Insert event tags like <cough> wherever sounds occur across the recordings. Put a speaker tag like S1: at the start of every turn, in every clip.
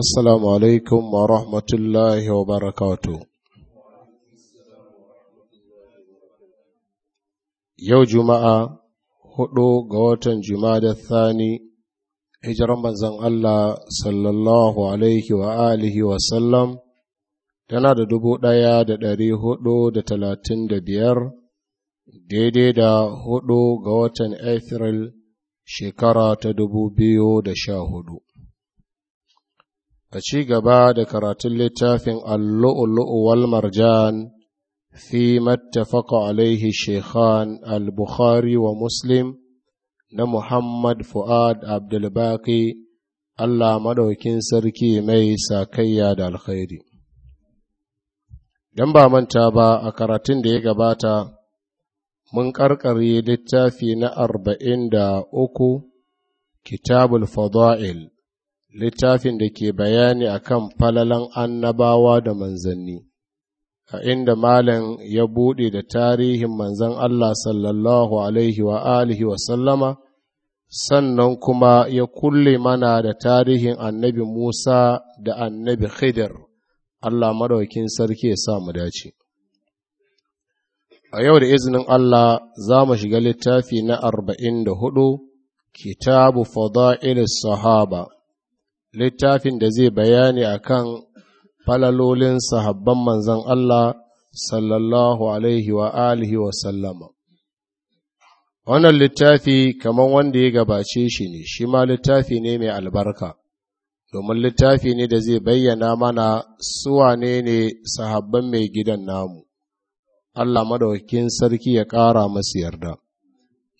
S1: Assalamu alaikum wa rahmatullahi wa barakatu. Yau Juma'a hudu ga watan da Thani, hijiran manzan Allah sallallahu alaihi wa alihi wa sallam, tana da dubu ɗaya da ɗari hudu da talatin da biyar, daidai da hudu ga watan Afril shekara ta dubu biyu da sha hudu. a ci gaba da karatun littafin allu'ulu'u wal marjan fi mattafaka alaihi shekhan al-bukhari wa muslim na muhammad fu'ad abdulbaki allah madaukin sarki mai sakayya da alkhairi don ba manta ba a karatun da ya gabata mun ƙarƙare littafi na arba'in da uku kitabul fada'il littafin da ke bayani a kan falalan annabawa da manzanni a inda malam ya buɗe da tarihin manzan Allah sallallahu alaihi wa alihi wa sannan kuma ya kulle mana da tarihin annabi Musa da annabi Khidir Allah maɗaukin sarki ya sa mu dace a yau da izinin Allah za mu shiga littafi na arba'in da hudu kitabu Fadailu sahaba littafin da zai bayani akan falalolin sahabban manzan Allah sallallahu alaihi wa alihi wa sallama wannan littafi kamar wanda ya gabace shi ne shi ma littafi ne mai albarka domin littafi ne da zai bayyana mana suwane ne sahabban mai gidan namu Allah madaukakin sarki ya ƙara masu yarda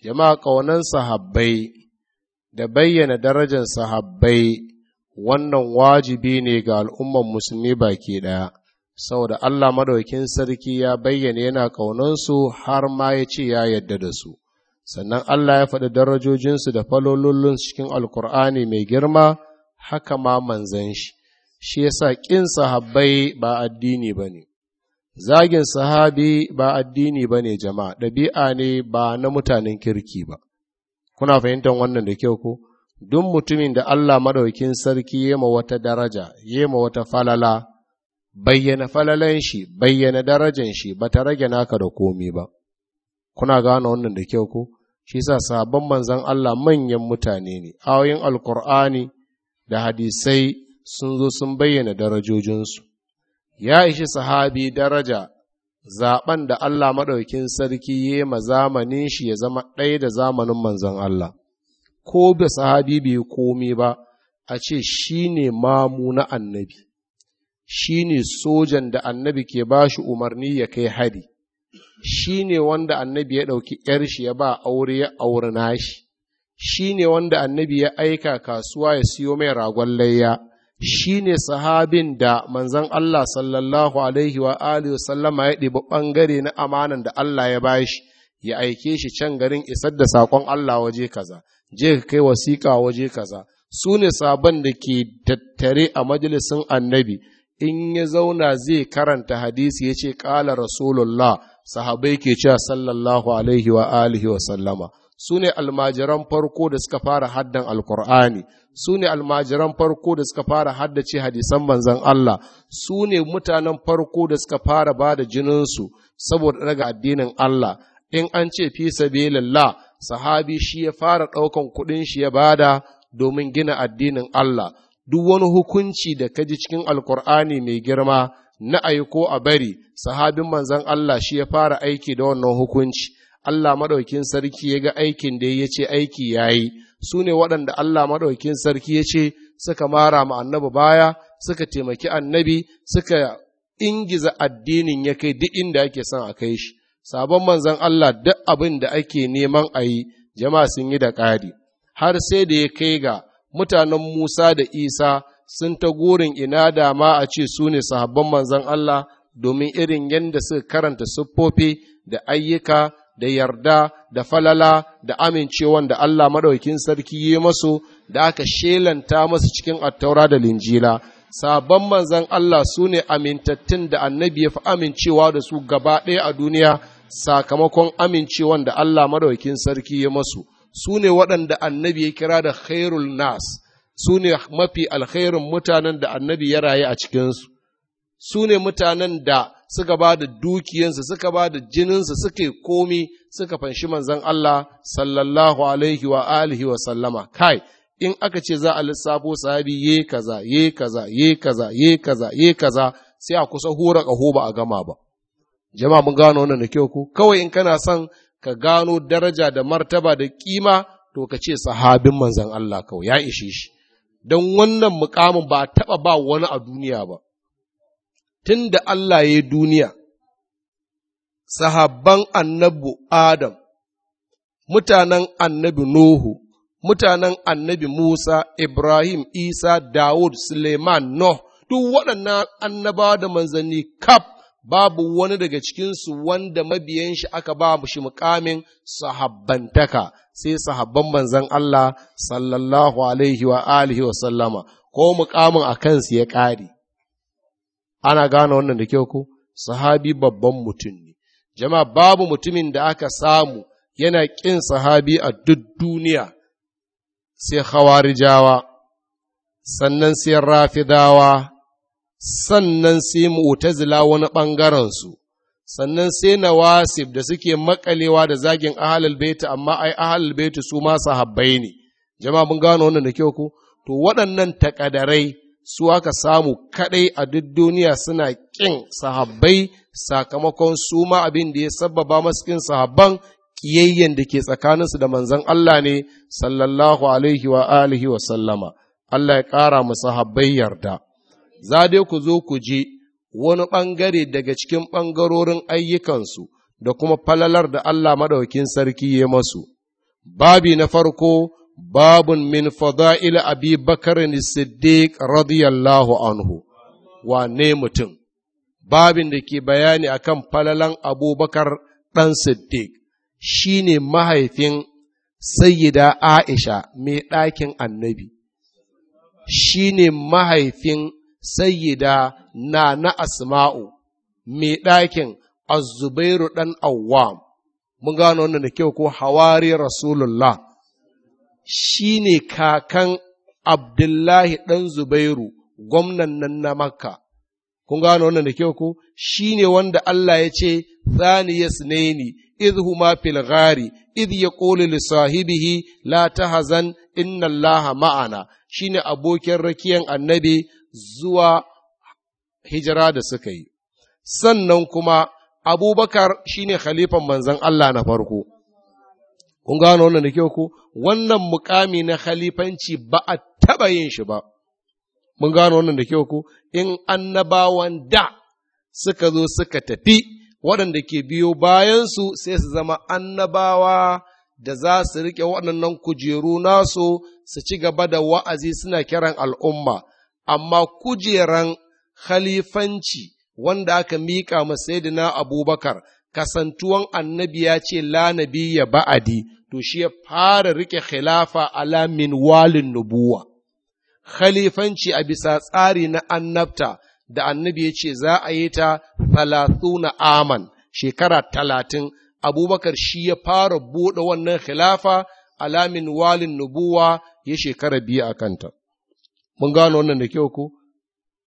S1: jama'a ƙaunan sahabbai da bayyana darajar sahabbai wannan wajibi ne ga al'umman musulmi baki ɗaya, saboda Allah maɗaukin sarki ya bayyana yana ƙaunansu har ma ya ce ya yadda da su, sannan Allah ya faɗi darajojinsu da falolullun cikin Alƙur'ani mai girma haka ma manzan shi, shi sa ƙin sahabbai ba addini ba ne. Zagin sahabi ba addini ba ne jama'a, ɗabi'a ne ba na mutanen kirki ba. Kuna fahimtar wannan da kyau ko? duk mutumin da Allah maɗaukin sarki yema wata daraja, yema wata falala, bayyana falalan shi, bayyana darajan shi, ba ta rage naka da komi ba. Kuna gane wannan da kyau ko? Shi sa sabon manzon Allah manyan mutane ne, ayoyin Alkur'ani da hadisai sun zo sun bayyana darajojinsu. Ya ishi sahabi daraja zaɓen da Allah maɗaukin sarki yema zamanin shi ya zama ɗaya da zamanin manzon Allah. ko da sahabi bai yi komai ba a ce shi ne mamu na annabi shi ne sojan da annabi ke ba shi umarni ya kai hari shi ne wanda annabi ya ɗauki ‘yar shi ya ba aure ya aure nashi shi ne wanda annabi ya aika kasuwa ya siyo mai ragon layya shi ne sahabin da manzan Allah sallallahu alaihi wa sallama ya ɗiba ɓangare na amanan da Allah ya bashi ya aike shi can garin isar da saƙon Allah waje kaza je ka kai wasiƙa waje kaza su ne sabon da ke tattare a majalisun annabi in ya zauna zai karanta hadisi ya ce ƙala rasulullah sahabai ke cewa sallallahu alaihi wa alihi wa sallama su ne almajiran farko da suka fara haddan alkur'ani su ne almajiran farko da suka fara haddace hadisan manzan Allah su ne mutanen farko da suka fara ba da jininsu saboda daga addinin Allah in an ce fi sabilillah sahabi shi ya fara ɗaukan kuɗin shi ya bada domin gina addinin Allah duk wani hukunci da ka ji cikin alkur'ani mai girma na aiko a bari sahabin manzon Allah shi ya fara aiki da wannan hukunci Allah maɗaukin sarki ya ga aikin da ya ce aiki ya yi su ne waɗanda Allah maɗaukin sarki ya ce suka mara ma annabi baya suka taimaki annabi suka ingiza addinin ya kai duk inda ake son a kai shi sabon manzan Allah duk abin da ake neman a yi jama'a sun yi da ƙari har sai da ya kai ga mutanen Musa da Isa sun ta gurin ina da ma a ce su ne sahabban manzan Allah domin irin yadda suka karanta siffofi da ayyuka da yarda da falala da amincewan da Allah maɗaukin sarki yi masu da aka shelanta masu cikin attaura da linjila sabon manzan Allah su ne amintattun da annabi ya fi amincewa da su gaba ɗaya a duniya sakamakon amincewan da Allah madaukin sarki ya masu su ne waɗanda annabi ya kira da khairul nas su ne mafi alkhairun mutanen da annabi ya rayu a cikinsu su ne mutanen da suka ba da dukiyansu suka ba da jininsu suke komi suka fanshi manzon Allah sallallahu alaihi wa alihi wa sallama kai in aka ce za a lissafo sahabi ye kaza ye kaza ye kaza ye kaza ye kaza sai a kusa hura ƙaho ba a gama ba Jama'a mun gano wannan da kyau ko kawai in kana son ka gano daraja da martaba da kima to ka ce sahabin manzan Allah kawai ya ishe shi. Don wannan mukamin ba taɓa ba wani a duniya ba. Tun da Allah ya yi duniya, sahabban annabu Adam, mutanen annabi Nuhu, mutanen annabi Musa, Ibrahim, Isa, Dawud, Suleiman, Nuh, duk waɗannan annabawa da manzanni kaf babu wani daga cikinsu wanda mabiyan shi aka ba shi mukamin sahabbantaka sai sahabban manzan Allah sallallahu alaihi wa alihi wa sallama ko mukamin a kansu ya ƙare. Ana gane wannan da kyau ko? Sahabi babban mutum ne. Jama'a babu mutumin da aka samu yana ƙin sahabi a duk duniya sai hawarijawa, sannan sai rafidawa, sannan sai mu'tazila wani ɓangaren su sannan sai na wasif da suke makalewa da zagin ahlul baiti amma ai ahlul baiti su ma sahabbai ne jama'a mun gano wannan da kyau ko to waɗannan takadarai su aka samu kadai a duk duniya suna kin sahabbai sakamakon su ma abin da ya sabbaba kin sahabban kiyayyen da ke tsakaninsu da manzon Allah ne sallallahu alaihi wa alihi wa sallama Allah ya ƙara mu sahabbai yarda za dai ku zo ku ji wani ɓangare daga cikin ɓangarorin ayyukansu da kuma falalar da Allah maɗaukin sarki ya masu. Babi na farko, babun min fada'il abi bakarin siddiq radiyallahu anhu, wane mutum, babin da ke bayani a kan falalan abubakar ɗan siddiq shi ne mahaifin sayyida Aisha mai ɗakin annabi, shi ne mahaifin sayyida na na asma'u mai ɗakin azubairu ɗan awwam mun gano wannan da kyau ko hawari rasulullah shi ne kakan abdullahi ɗan zubairu gwamnan nan na makka kun gano wannan da kyau ko shi ne wanda Allah ya ce thaniya sunaini idh huma fil ghari idh yaqulu li sahibihi la tahzan inna allaha ma'ana shine abokin rakiyan annabi zuwa hijira da suka yi sannan kuma abubakar shine khalifan manzan Allah na farko kun gano wannan da kyau ku wannan mukami na khalifanci ba a taɓa yin shi ba mun gano wannan da kyau ku in annabawan da suka zo suka tafi waɗanda ke biyo bayansu sai su zama annabawa da za su riƙe waɗannan kujeru nasu su ci gaba da wa'azi suna kiran al'umma amma kujeran khalifanci wanda aka miƙa ma sayyidina abubakar kasantuwan annabi ya ce la ya ba'adi to shi ya fara riƙe khilafa ala min walin nubuwa khalifanci a bisa tsari na annabta da annabi ya ce za a yi ta na aman shekara talatin abubakar shi ya fara buɗe wannan khilafa alamin walin nubuwa ya shekara biyu a kanta Mun gano wannan da kyau ko?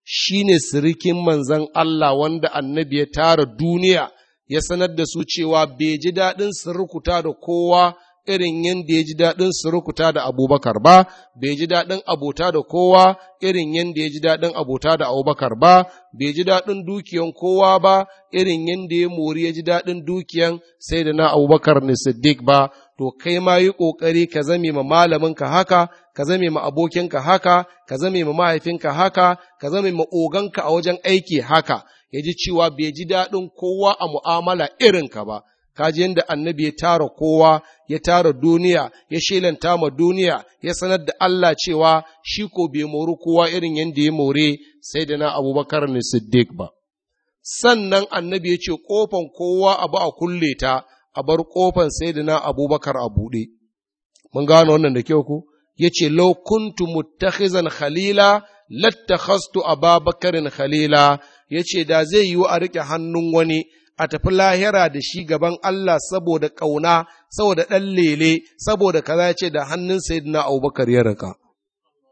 S1: Shi ne sirikin manzan Allah wanda annabi ya tara duniya ya sanar da su cewa bai ji daɗin surukuta da kowa irin yadda ya ji daɗin surukuta da abubakar ba, bai ji daɗin abota da kowa irin yadda ya ji daɗin abota da abubakar ba, bai ji daɗin dukiyan kowa ba irin yadda ya mori ya ji daɗin dukiyan sai da na abubakar ne siddiq ba, to kai ma yi ƙoƙari ka zame ma malaminka haka, ka zame ma abokinka haka, ka zame ma mahaifinka haka, ka zame ma oganka a wajen aiki haka, ya ji cewa bai ji daɗin kowa a mu'amala irinka ba. Ka ji yadda annabi ya tara kowa ya tara duniya ya shelanta ma duniya ya sanar da Allah cewa shi ko bai mori kowa irin yadda ya more sai da na abubakar ne siddiq ba sannan annabi ya ce ƙofan kowa abu a kulle ta a bar kofan na abubakar a buɗe mun gano wannan da kyau ku yace mu kuntu muttakhizan khalila latta a babakarin khalila yace da zai yiwu a riƙe hannun wani a tafi lahira da shi gaban Allah saboda ƙauna, saboda ɗan lele, saboda kaza ce da hannun na Abubakar ya raka.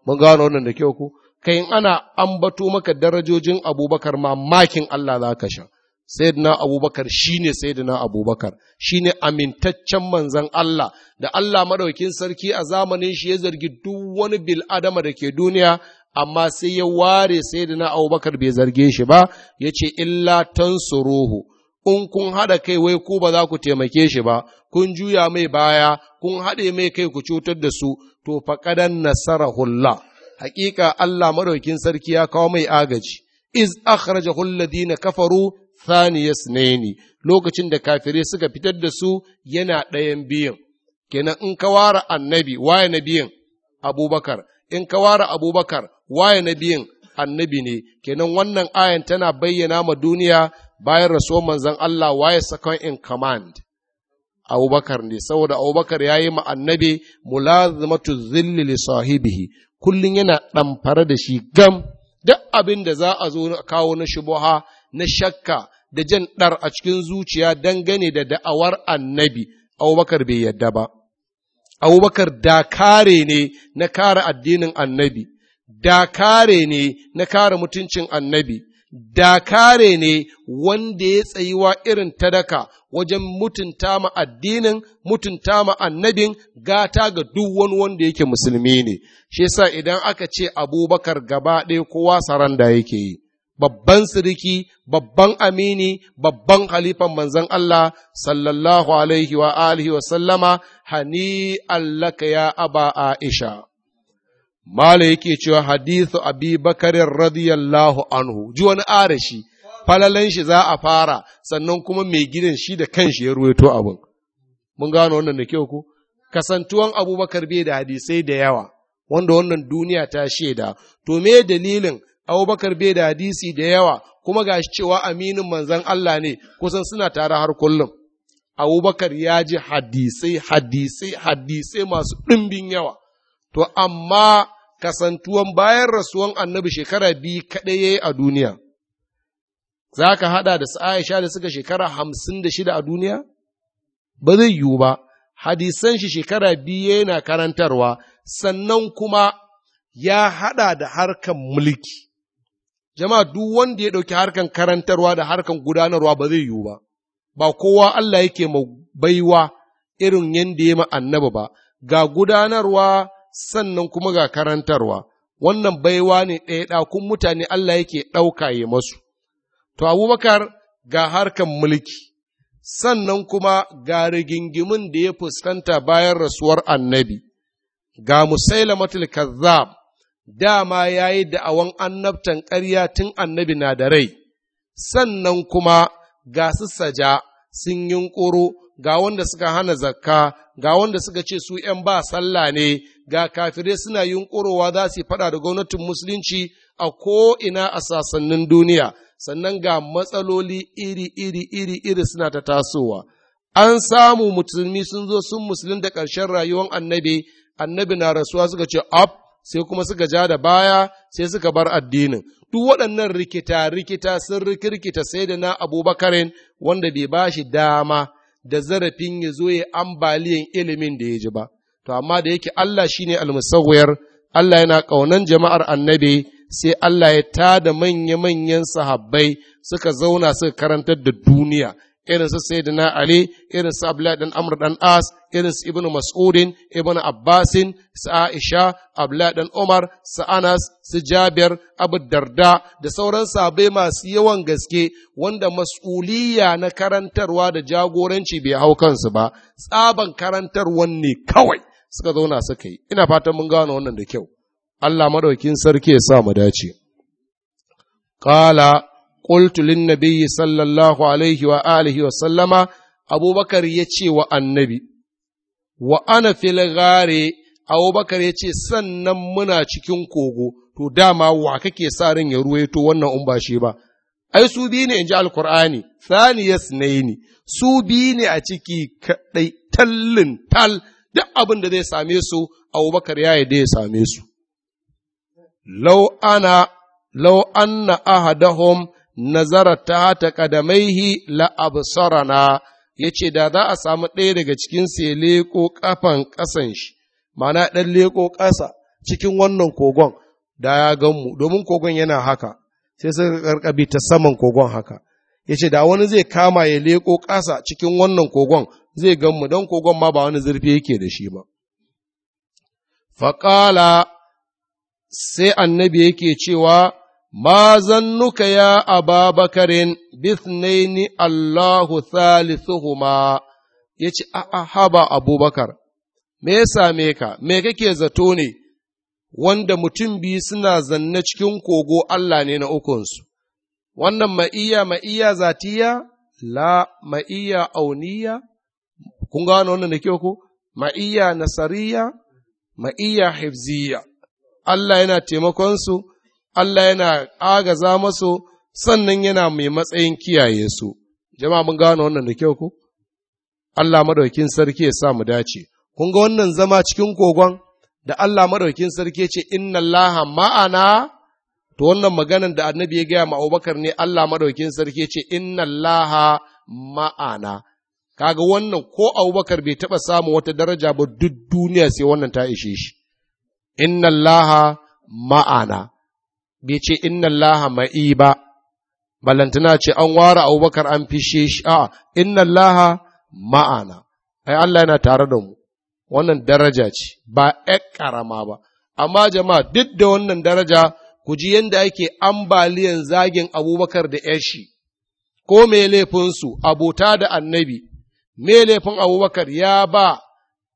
S1: Mun gano wannan da kyau ku, kai ana ambato maka darajojin Abubakar mamakin Allah za ka sha. sayyidina abubakar shine sayyidina abubakar shine amintaccen manzan Allah da Allah madaukin sarki a zamanin shi ya zargi duk wani bil adama da ke duniya amma sai ya ware sayyidina abubakar bai zarge shi ba ya ce illa tansuruhu in kun haɗa kai wai ku ba za ku taimake shi ba kun juya mai baya kun haɗe mai kai ku cutar da su to faƙadan nasarahullah Hakika Allah madaukin sarki ya kawo mai agaji iz akhrajahu alladhina kafaru thaniyas ne lokacin da kafirai suka fitar da su yana ɗayan biyun kenan in ka ware annabi waye nabiyin abubakar in ka ware abubakar waye nabiyin annabi ne kenan wannan ayan tana bayyana ma duniya bayan rasuwar manzon Allah waye second in command abubakar ne saboda abubakar ya yi ma annabi mulazimatu zilli li sahibihi kullum yana ɗamfare da shi gam duk abin da za a zo kawo na shubuha na shakka da jan ɗar a cikin zuciya dangane da da'awar annabi, Abubakar bai yadda ba. Abubakar da kare ne na kare addinin annabi, da kare ne na kare mutuncin annabi, da kare ne wanda ya tsayiwa irin tadaka wajen mutunta ma addinin, mutunta ma annabin gata ga duk wani wanda yake musulmi ne, shi yasa idan aka ce abubakar gaba ɗaya kowa saranda yake yi. babban siriki, babban amini, babban khalifan manzon Allah, sallallahu alaihi wa alihi wa sallama, hani allaka ya aba Aisha. Mala yake cewa hadithu abi bakarin radiyallahu anhu, ji wani arashi, falalan shi za a fara, sannan kuma mai gidan shi da kanshi ya ruwaito abin. Mun gano wannan da kyau ku? Kasantuwan abubakar bai da hadisai da yawa, wanda wannan duniya ta shaida, to me dalilin abubakar bai da hadisi da yawa kuma ga shi cewa aminin manzan Allah ne kusan suna tare har kullum abubakar ya ji hadisai hadisai hadisai masu ɗimbin yawa to amma kasantuwan bayan rasuwan annabi shekara biyu kaɗai ya yi a duniya za ka haɗa da su aisha da suka shekara hamsin da shida a duniya ba zai yiwu ba hadisan shi shekara biyu yana karantarwa sannan kuma ya haɗa da harkan mulki jama'a duk wanda ya ɗauki harkan karantarwa da harkan gudanarwa ba zai yiwu ba, ba kowa Allah yake ma baiwa irin yadda ya ma ba, ga gudanarwa sannan kuma ga karantarwa, wannan baiwa ne ɗaya ɗakun mutane Allah yake ɗauka ya masu. To, Abubakar ga harkan mulki, sannan kuma ga rigingimin da ya fuskanta bayan rasuwar annabi, ga Musailamatul Kazzab dama ya yi da'awan annabtan karya tun annabi na da rai, sannan kuma ga su saja sun ƙoro ga wanda suka hana zakka, ga wanda suka ce su ’yan ba sallah ne, ga kafirai suna ƙorowa za su faɗa da gwamnatin musulunci a ko'ina a sassanin duniya, sannan ga matsaloli iri-iri iri-iri suna ta tasowa. An samu musulmi sun zo sun musulun da ƙarshen rayuwar annabi, annabi na rasuwa suka ce, Up, sai kuma suka ja da baya sai suka bar addinin duk waɗannan rikita rikita sun rikirkita sai da na abubakarin wanda bai ba shi dama da zarafin ya zo ya ambaliyan ilimin da ya ji ba to amma da yake Allah shine almusawwir Allah yana ƙaunan jama'ar annabi sai Allah ya tada manya-manyan sahabbai suka zauna suka karantar da duniya irin su sayyidina ali irin su abdullahi dan amr dan as irin su ibn mas'udin ibn abbasin su aisha abdullahi dan umar su anas su jabir abu darda da sauran sabai masu yawan gaske wanda mas'uliya na karantarwa da jagoranci bai hau kansu ba tsaban karantarwan ne kawai suka zauna suka yi ina fatan mun gano wannan da kyau Allah madaukin sarki ya sa mu dace kala qultu lin nabiyyi sallallahu alaihi wa alihi wa sallama abubakar ya ce wa annabi wa ana abubakar ya ce sannan muna cikin kogo to dama wa kake sa ran ya ruwaito wannan in ba shi ba ai su biyu in ji alkur'ani thaniyas ne su bine a ciki kaɗai tallin tal duk abin da zai same su abubakar ya da ya same su lau ana lau anna ahadahum nazara ta ta kadamaihi la absarana yace da za a samu ɗaya daga cikin su ya leko kafan ƙasan shi mana ɗan leko ƙasa cikin wannan kogon da ya gan mu domin kogon yana haka sai suka karkabi ta saman kogon haka yace da wani zai kama ya leko ƙasa cikin wannan kogon zai gan mu don kogon ma ba wani zurfi yake da shi ba faƙala sai annabi yake cewa ma zannuka ya ababakarin bisnaini Allahu salisuhuma ya ce a'a haba abubakar me ya same ka me kake zato ne wanda mutum biyu suna zanne cikin kogo Allah ne na ukunsu wannan ma'iyya ma'iyya zatiya la ma'iyya auniya kun gano wannan da kyau ko ma'iyya nasariya ma'iyya hifziya Allah yana taimakonsu Allah yana agaza masu sannan yana mai matsayin kiyaye su. Jama'a mun gano wannan da kyau ku? Allah madaukin sarki ya sa mu dace. Kun ga wannan zama cikin kogon da Allah madaukin sarki ce inna Laha ma'ana to wannan maganan da annabi ya gaya ma Abubakar ne Allah madaukin sarki ce inna Laha ma'ana. Kaga wannan ko Abubakar bai taɓa samun wata daraja ba duk duniya sai wannan ta ishe shi. Inna Laha ma'ana. bai ce inna Allah ma'i ba ballantana ce an ware abubakar an fishe shi a inna Laha ma'ana ai Allah yana tare da mu wannan daraja ce ba ƴar ƙarama ba amma jama'a duk da wannan daraja ku ji yadda ake ambaliyan zagin abubakar da shi, ko me laifinsu abota da annabi me laifin abubakar ya ba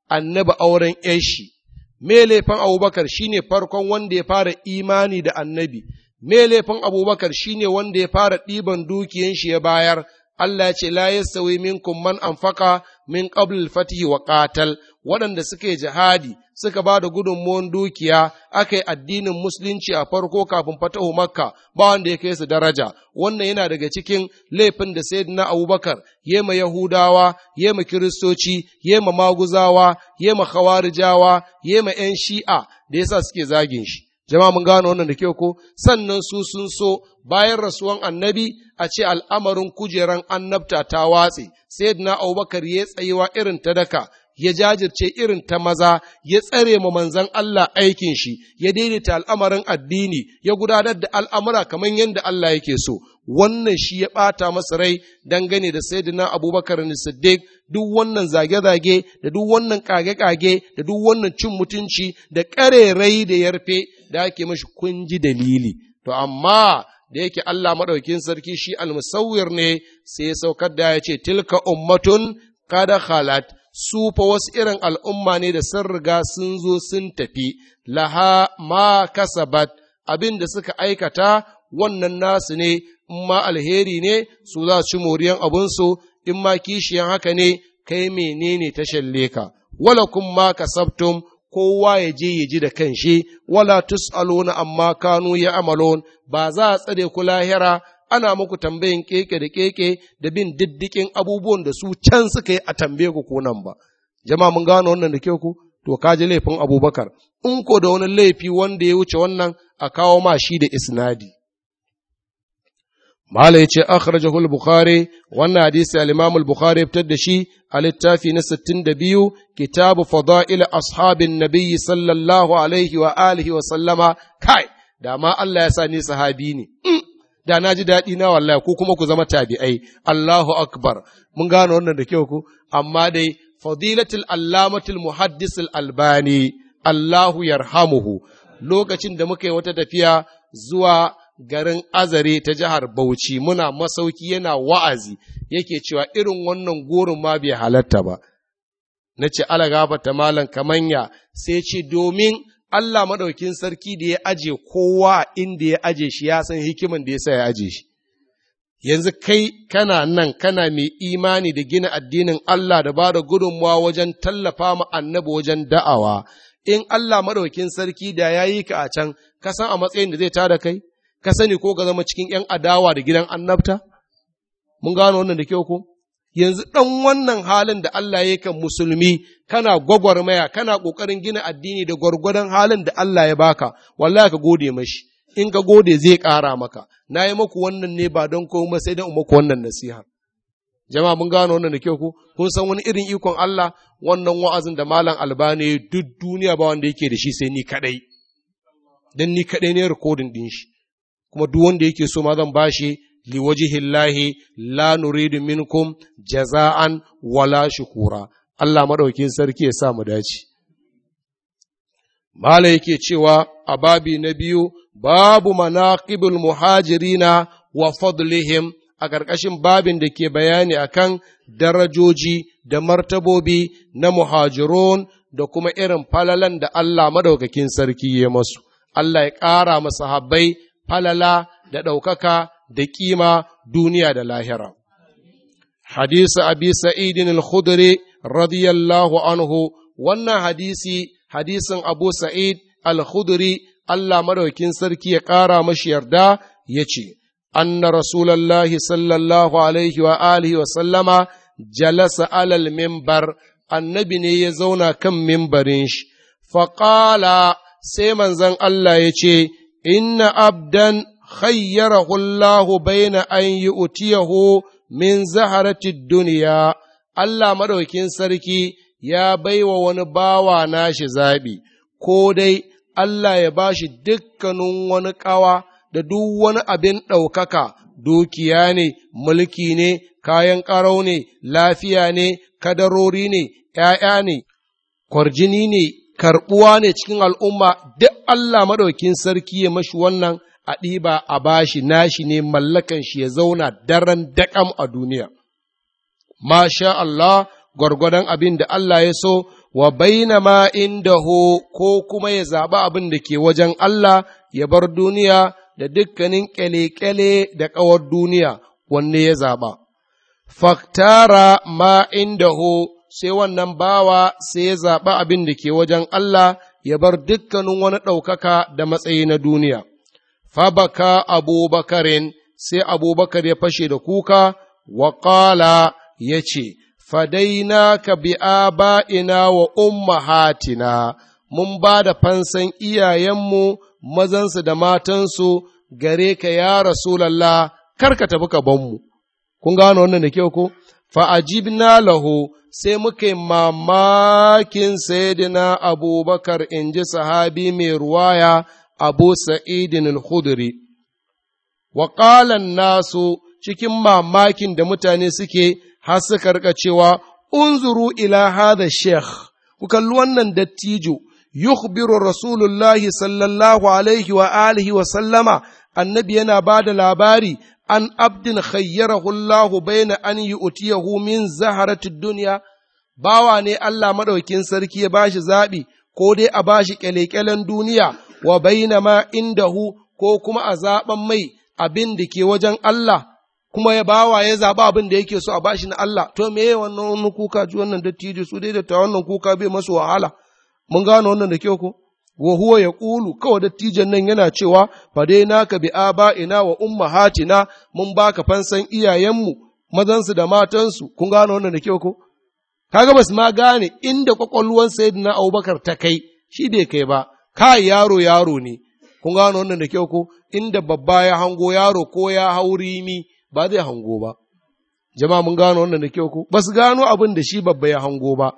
S1: annabi auren shi? me laifin abubakar shine farkon wanda ya fara imani da annabi me laifin abubakar shine wanda ya fara ɗiban dukiyan shi ya bayar Allah ya ce la yastawi minkum man anfaqa min qabl al-fatihi wa qatal waɗanda suke jihadi suka ba da gudunmuwan dukiya aka yi addinin musulunci a farko kafin fatahu makka ba wanda ya kai su daraja wannan yana daga cikin laifin da sai na abubakar yema yahudawa yema kiristoci yema maguzawa yema khawarijawa yema yan shi'a da yasa suke zagin shi jama'a mun gano wannan da kyau ko sannan su sun so bayan rasuwan annabi a ce al'amarin kujeran annabta ta watse na abubakar ya tsayuwa irin ta daka ya jajirce irin ta maza ya tsare ma manzan Allah aikin shi ya daidaita al'amarin addini ya gudanar da al'amura kamar yadda Allah yake so wannan shi ya ɓata masa rai dangane da sayyidina abubakar ni siddiq duk wannan zage-zage da duk wannan kage-kage da duk wannan cin mutunci da ƙarerai da yarfe da ake mashi ji dalili to amma da yake Allah maɗaukin sarki shi almusawwir ne sai ya saukar da ya ce tilka ummatun kada khalat su fa wasu irin al'umma ne da sun riga sun zo sun tafi, laha ma kasabat abin da suka aikata wannan nasu ne, in ma alheri ne su za ci moriyan abinsu, in ma kishiyan haka ne kai menene ta shalle ka, wala kun ma kasabtum kowa ya je ya ji da kanshi, wala tus'aluna amma kanu ya amalon, ba za a tsare ku lahira ana muku tambayin keke da keke da bin diddikin abubuwan da su can suka yi a tambaye ku ko nan ba jama'a mun gano wannan da ke ku to ka ji laifin abubakar in ko da wani laifi wanda ya wuce wannan a kawo ma shi da isnadi Malai ce, akhrajahu al-Bukhari, wannan hadisi al-Imam bukhari fitar da shi a littafi na 62, kitabu fada'il ashabin nabiyyi sallallahu alaihi wa alihi wa sallama, kai, da Allah ya sa ni sahabi ne. Hmm. da na ji daɗi na wallahi ko kuma ku zama tabi'ai Allahu akbar mun gano wannan da kyau ku amma dai fadilatul allamatul muhaddisul albani Allahu yarhamuhu lokacin da muka yi wata tafiya zuwa garin azare ta jihar Bauchi muna masauki yana wa'azi yake cewa irin wannan gorin ma bai halatta ba na ce ala malam kamanya sai ce domin Allah maɗaukin sarki da ya aje kowa inda ya aje shi ya san hikiman da ya sa ya aje shi. Yanzu kai kana nan kana mai imani da gina addinin Allah da ba da gudunmawa wajen tallafa ma annabi wajen da'awa, in Allah maɗaukin sarki da ya yi ka a can, ka san a matsayin da zai tada kai, ka sani ko ga zama cikin ‘yan adawa da gidan annabta? Mun gano wannan da kyau ko? yanzu ɗan wannan halin da Allah ya kan musulmi kana gwagwarmaya kana ƙoƙarin gina addini da gwargwadon halin da Allah ya baka wallahi ka gode mashi in ka gode zai ƙara maka na yi maku wannan ne ba don koma sai don maku wannan nasiha jama'a mun gano wannan da kyau ku kun san wani irin ikon Allah wannan wa'azin da malam albani duk duniya ba wanda yake da shi sai ni kaɗai. Don ni kaɗai ne rikodin ɗin shi kuma duk wanda yake so ma zan bashi liwajihillahi la nuridu minkum jaza'an wala shukura Allah maɗaukin sarki ya sa mu dace Mala yake cewa a babi na biyu babu manaqibul muhajirina wa fadlihim a ƙarƙashin babin da ke bayani akan darajoji da martabobi na muhajirun da kuma irin falalan da Allah maɗaukakin sarki ya masu. Allah ya ƙara masahabbai falala da ɗaukaka da kima duniya da lahira hadisi abi sa'idin al-khudri radiyallahu anhu wannan hadisi hadisin abu sa'id al-khudri Allah madaukin sarki ya ƙara mashi yarda ya ce anna Rasulallah sallallahu alaihi wa alihi wa sallama jalasa alal mimbar annabi ne ya zauna kan mimbarin shi faƙala sai manzon Allah ya ce inna abdan khayyarahu Allahu baina an yu'tiyahu min zaharatid duniya Allah madaukin sarki ya baiwa wani bawa na shi zaɓi. ko dai Allah ya bashi dukkanin wani ƙawa da duk wani abin ɗaukaka dukiya ne mulki ne kayan ƙarau ne lafiya ne kadarori ne ne cikin al'umma duk Allah maɗaukin sarki ya mashi wannan a ɗiba a bashi nashi ne mallakan shi ya zauna daren daƙam a duniya. Masha Allah, gwargwadon abin da Allah ya so, wa baina ma inda ho ko kuma ya zaɓi abin da ke wajen Allah ya bar duniya da dukkanin ƙyale-ƙyale da ƙawar duniya wanne ya zaɓa. Faktara ma inda ho sai wannan bawa sai ya zaɓi abin da ke wajen Allah ya bar dukkanin wani ɗaukaka da matsayi na duniya. fabaka abubakarin sai abubakar ya fashe da kuka wa ƙala ya ce fadaina ka bi ina wa umma hatina, mun ba da fansan iyayenmu mazansu da matansu gare ka ya rasulallah kar ka tafi ka banmu kun gano wannan da kyau ko fa'ajibna laho, sai muka yi mamakin sayidina abubakar in ji sahabi mai ruwaya abu sa'idin al-khudri nasu cikin mamakin da mutane suke har suka rika cewa unzuru ila da sheikh ku kalli wannan dattijo yukhbiru rasulullahi sallallahu alaihi wa alihi wa sallama annabi yana ba da labari an abdin khayyarahu Allahu baina an yu'tiyahu min zaharatid dunya bawa ne Allah madaukin sarki ya bashi zaɓi ko dai a bashi kyalekyalen duniya wa baina ma indahu ko kuma a zaɓan mai abin da ke wajen Allah kuma ya bawa ya zaɓa abin da yake so a bashi na Allah to me ya wannan wannan kuka ji wannan dattijo su dai da ta wannan kuka bai masu wahala mun gano wannan da kyau ko wa huwa ya ƙulu kawai dattijan nan yana cewa dai naka bi ina wa umma hatina mun baka fansan iyayenmu mazansu da matansu kun gano wannan da kyau ko kaga basu ma gane inda kwakwalwan sayyidina Abubakar ta kai shi bai kai ba kai yaro yaro ne kun gano wannan da kyau ko inda babba ya hango yaro ko ya hauri ni ba zai hango ba jama'a mun gano wannan da kyau ko ba su gano abin da shi babba ya hango ba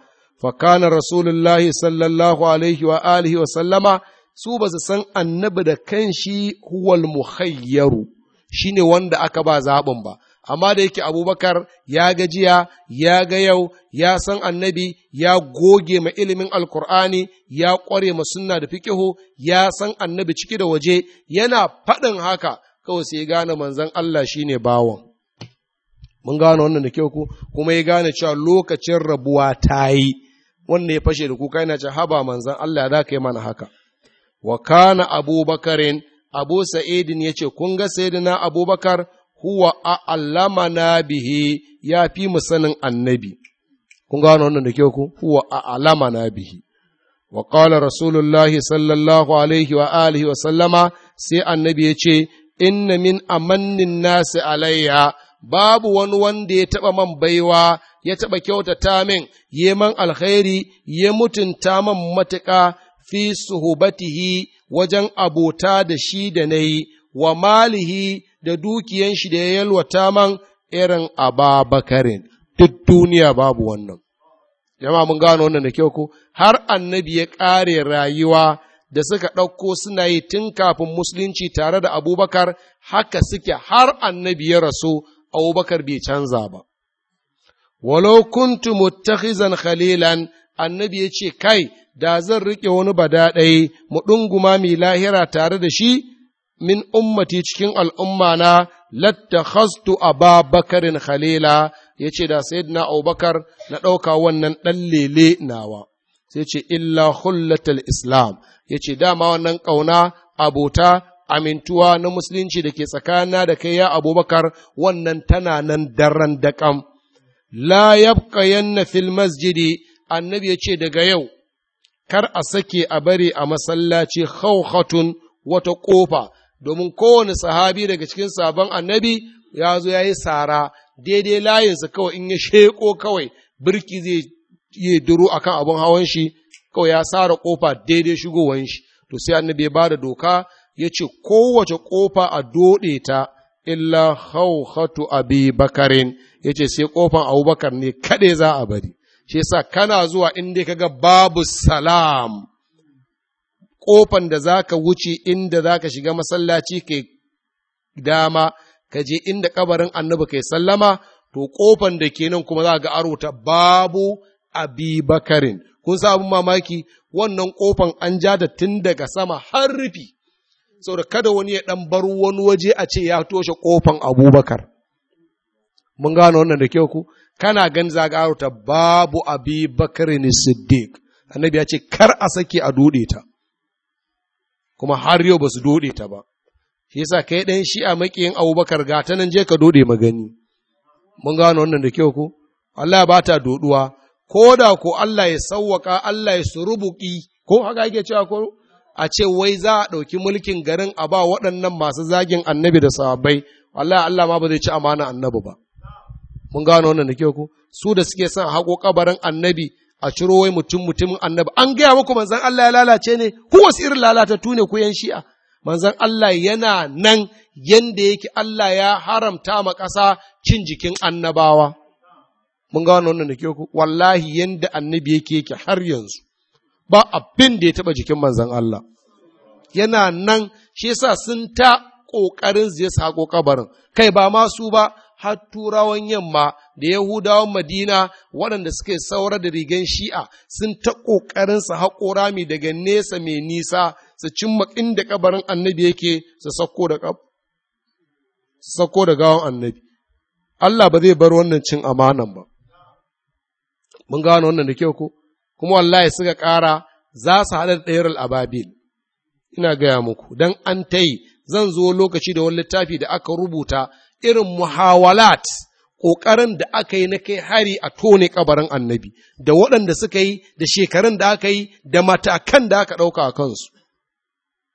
S1: fa kana rasulullahi sallallahu alaihi wa alihi wa sallama su ba su san annabi da kanshi huwal muhayyaru shine wanda aka ba zaɓin ba amma da yake abubakar ya gajiya ya ga yau ya san annabi ya goge ma ilimin alkur'ani ya ƙware ma sunna da fikihu ya san annabi ciki da waje yana faɗin haka kawai sai ya gane manzan Allah shi ne bawon mun gane wannan da kyau ku kuma ya gane cewa lokacin rabuwa ta yi wanda ya fashe da kuka yana ce haba manzan Allah za ka yi mana haka wa kana abubakarin abu sa'idin ya ce kun ga sayidina abubakar huwa na bihi ya fi mu sanin annabi kun gano wannan da ke ku huwa na bihi wa qala rasulullahi sallallahu alaihi wa alihi wa sallama sai annabi ya ce inna min amannin nasi alayya babu wani wanda ya taɓa man baiwa, ya taɓa kyautata min, ya man alkhairi, ya mutunta man matuƙa fi suhubatihi wajen abota da shi da na yi, wa malihi da dukiyan shi da ya yalwata man irin ababakarin duk duniya babu wannan jama'a mun gano wannan da kyau ko har annabi ya ƙare rayuwa da suka ɗauko suna yi tun kafin musulunci tare da abubakar haka suke har annabi ya rasu abubakar bai canza ba walau kuntu muttakhizan khalilan annabi ya ce kai da zan riƙe wani bada badaɗai mu ɗunguma mai lahira tare da shi min ummati cikin al'umma na latta, aba bakarin khalila ya ce da sayyidina abubakar na ɗauka wannan ɗan lele nawa sai ce illa hullatul islam ya ce dama wannan ƙauna abota amintuwa na musulunci da ke tsakana da kai ya abubakar wannan tana nan daren daƙam la yabqayanna fil masjidi annabi ya ce daga yau kar a sake a bari a masallaci hauhatun wata ƙofa domin kowane sahabi daga cikin sabon annabi ya zo ya yi sara daidai layinsa kawai in ya sheko kawai birki zai yi a akan abin hawan shi kawai ya sara kofa daidai shigowan shi to sai annabi ya ba da doka ya ce kowace kofa a doɗe ta illa hauhatu abi bakarin ya ce sai kofan abubakar ne kaɗai za a bari shi yasa kana zuwa inda kaga babu salam ƙofan da za ka wuce inda za ka shiga masallaci kai dama ka je inda kabarin annabi kai sallama to ƙofan da ke nan kuma za ga ta babu abi bakarin kun samu mamaki wannan ƙofan an ja da tun daga sama har rufi saboda kada wani ya ɗan bar wani waje a ce ya toshe ƙofan abubakar mun gano wannan da kyau ku kana gan aro ta babu abi bakar ne siddiq annabi ya ce kar a sake a dude ta kuma har yau ba su dode ta ba shi yasa kai ɗan shi'a makiyin abubakar ga ta nan je ka dode magani mun gano wannan da kyau ko Allah ba ta doduwa ko da ko Allah ya sawwaka Allah ya surubuƙi. ko haka yake cewa ko a ce wai za a ɗauki mulkin garin a ba waɗannan masu zagin annabi da sahabbai wallahi Allah ma ba zai ci amana annabi ba mun gano wannan da kyau ko su da suke son haƙo kabarin annabi a ciro wai mutum mutumin annabi an gaya muku manzan Allah ya lalace ne ku wasu irin lalatattu ne ku yan shi'a manzan Allah yana nan yanda yake Allah ya haramta ma ƙasa cin jikin annabawa mun ga wannan da ke ku wallahi yanda annabi yake yake har yanzu ba abin da ya taba jikin manzan Allah yana nan shi yasa sun ta ƙoƙarin zai sako kabarin kai ba ma su ba har turawan yamma da Yahudawan Madina waɗanda suke saurar da rigan shi'a sun ta ƙoƙarin su haƙo rami daga nesa mai nisa su cimma inda kabarin annabi yake su sako da gawan annabi. Allah ba zai bar wannan cin amanan ba. Mun gano wannan da kyau ko? Kuma wallahi suka ƙara za su haɗa ɗayar al'ababil. Ina gaya muku, don an ta yi zan zo lokaci da wani littafi da aka rubuta irin muhawalat. ƙoƙarin da aka yi na kai hari a tone ƙabarin annabi, da waɗanda suka yi, da shekarun da aka yi, da matakan da aka ɗauka a kansu.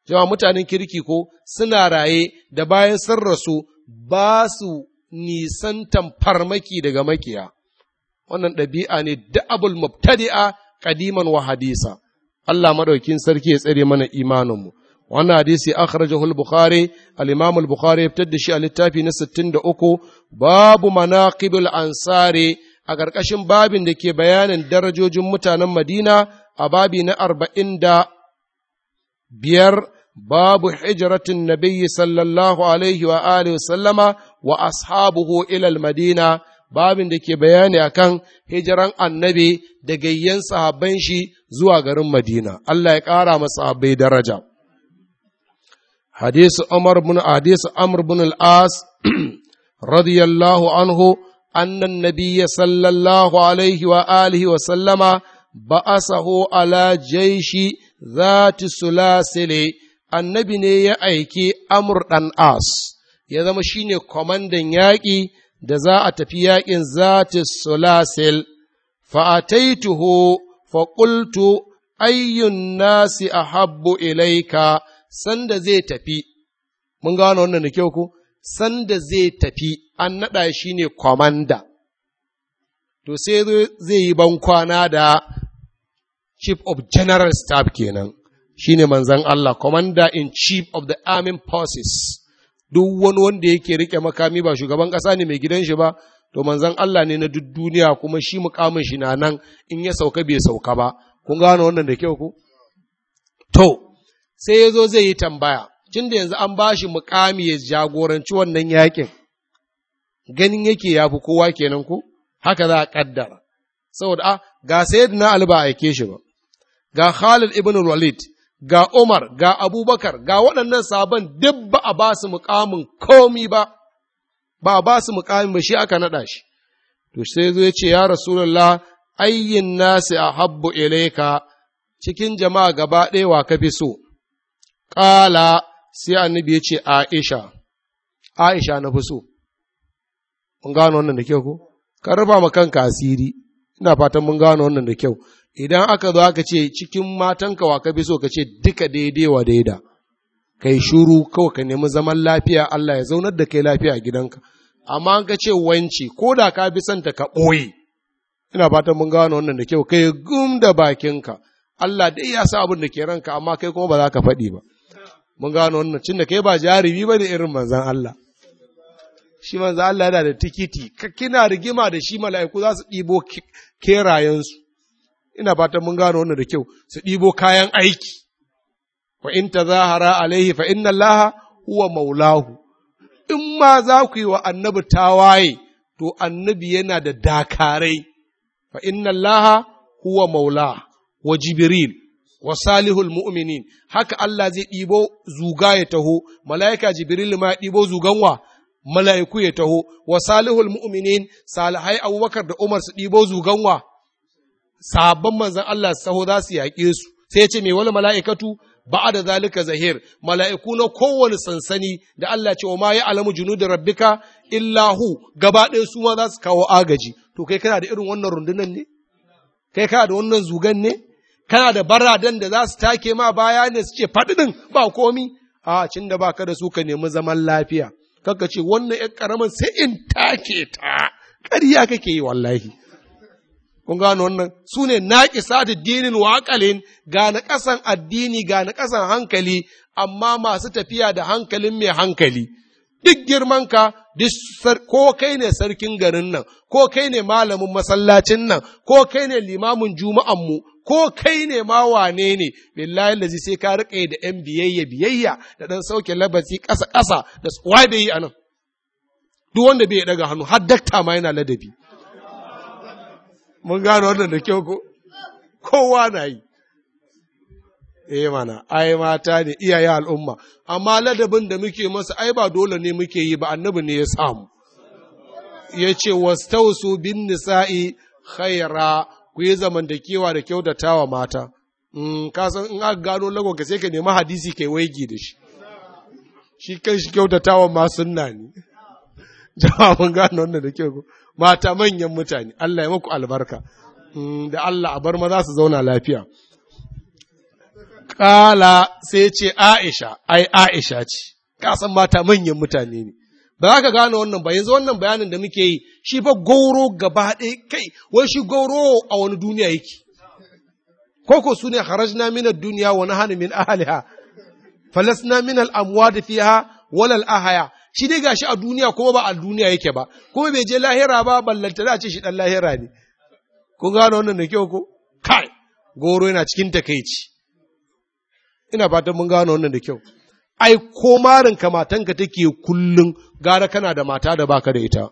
S1: Jawa mutanen kirki ko suna raye da bayan sun rasu ba su nisantan farmaki daga makiya. Wannan ɗabi'a ne da'abul mubtadi'a ƙadiman wa hadisa. Allah maɗaukin sarki ya tsare mana imaninmu. wannan hadisi akhrajahu al-bukhari al-imam al-bukhari ya fitar da shi a littafi na 63 babu manaqibul ansari a ƙarƙashin babin da ke bayanin darajojin mutanen madina a babi na arba'in da biyar babu hijiratin nabiyyi sallallahu alaihi wa alihi wa sallama wa ashabuhu ilal madina babin da ke bayani akan hijiran annabi da gayyan sahabban shi zuwa garin madina Allah ya ƙara masa sahabbai daraja hadisu Umar bin hadisu Amr as radiyallahu anhu annan nabiyya sallallahu alaihi wa alihi wa sallama ba'asahu ala jaishi zati annabi ne ya aiki Amr ɗan As ya zama shine kwamandan yaƙi da za a tafi yaƙin zati sulasil fa'ataituhu فقلت aiyunnasi a habbu ilaika. sanda zai tafi, mun gano wannan da kyau ko? Sanda zai tafi, an naɗa shi ne kwamanda. To sai zai yi bankwana da Chief of General Staff kenan, shi ne manzan Allah, Commander in Chief of the Armed Forces, duk wani wanda yake riƙe makami ba shugaban ƙasa ne mai gidan shi ba, to manzan Allah ne na duk duniya kuma shi mukamin shi na nan in ya sauka bai sauka ba, kun gano wannan da kyau ku? To, sai ya zo zai yi tambaya tun da yanzu an ba shi mukami ya jagoranci wannan yakin ganin yake ya fi kowa kenan ku haka za a kaddara saboda a ah, ga na ali ba aike shi ba ga khalid ibn walid ga umar ga abubakar ga waɗannan sabon duk ba a ba su mukamin komi ba ba a ba su mukamin ba shi aka naɗa shi to sai zo ya ce ya rasulullah ayyin nasi a habbu ilaika cikin jama'a gaba ɗaya wa ka fi so ƙala sai annabi ya ce aisha aisha na fi so mun gano wannan da kyau ko ka rufa ma kanka asiri ina fatan mun gano wannan da kyau idan aka zo aka ce cikin matanka wa ka fi so ka ce duka daidai wa daida kai shuru kawai ka nemi zaman lafiya Allah ya zaunar da kai lafiya a gidanka amma an ka ce wanci ko da ka bi santa ka boye ina fatan mun gano wannan da kyau kai gum da bakinka Allah dai ya sa abin da ke ranka amma kai kuma ba za ka faɗi ba mun gano wannan cin da kai ba jarumi ba ne irin manzan Allah shi manzan Allah yana da tikiti kina rigima da shi mala'iku za su ɗibo kerayensu ina fatan mun gano wannan da kyau su ɗibo kayan aiki fa in zahara alaihi fa inna huwa maulahu in ma za ku yi wa annabi tawaye to annabi yana da dakarai fa inna Allah huwa maula wa jibril wa salihul mu'minin haka Allah zai ɗibo zuga ya taho mala'ika jibril ma ɗibo zuganwa mala'iku ya taho wa salihul mu'minin salihai abubakar da umar su ɗibo zuganwa sabon manzan Allah su saho za su yaƙe su sai ya ce mai wani mala'ikatu ba'a da zalika zahir mala'iku na kowani sansani da Allah ce wa ma ya alamu junu da rabbika illahu gaba ɗaya su ma za su kawo agaji to kai kana da irin wannan rundunan ne kai kana da wannan zugan ne kana da baradan da za su take ma baya ne ce faɗiɗin ba komi a cin da baka da su ka nemi zaman lafiya kanka ce wannan ‘yan ƙaramin sai in take ta ƙarya kake yi wallahi kun gano wannan su ne da dinin waƙalin ga na ƙasan addini ga na ƙasan hankali amma masu tafiya da hankalin mai hankali duk girman ka ko kai ne sarkin garin nan, ko kai ne malamin masallacin nan, ko kai ne limamin juma'anmu, ko kai ne ma wane ne, billahi lazi sai ka riƙe da ‘yan biyayya biyayya da ɗan sauke labasi ƙasa-ƙasa da wai da yi a nan. Duk wanda bai daga hannu, har dakta ma yana ladabi. Mun gano wannan da kyau ko? Kowa na yi. eh mana ai mata ne iyaye al'umma amma ladabin da muke masa ai ba dole ne muke yi ba annabi ne ya samu ya ce wastausu bin nisa'i khaira ku yi zamantakewa da kyautatawa mata mm, ka san in aka gano lagon ka sai ka nemi hadisi kai waigi da shi shi kan shi kyautatawa ma sunna ne <laughs> jama'a mun gano wannan da kyau mata manyan mutane Allah ya maku albarka mm, da Allah a bar maza su zauna lafiya kala sai ce Aisha, ai Aisha ce, kasan mata manyan mutane ne. Ba za ka gane wannan ba, yanzu wannan bayanin da muke yi, shi fa goro gaba ɗaya kai, wai shi goro a wani duniya yake. Koko su ne na minar duniya wani hannu min ahaliha, na minar amuwa da fiha walal ahaya, shi dai gashi a duniya kuma ba a duniya yake ba, kuma bai je lahira ba ballanta za a ce shi ɗan lahira ne. Kun gane wannan da ko? Kai, goro yana cikin takaici. ina fatan mun gano wannan da kyau ai ko marin ka matanka take kullun gara kana da mata da baka da ita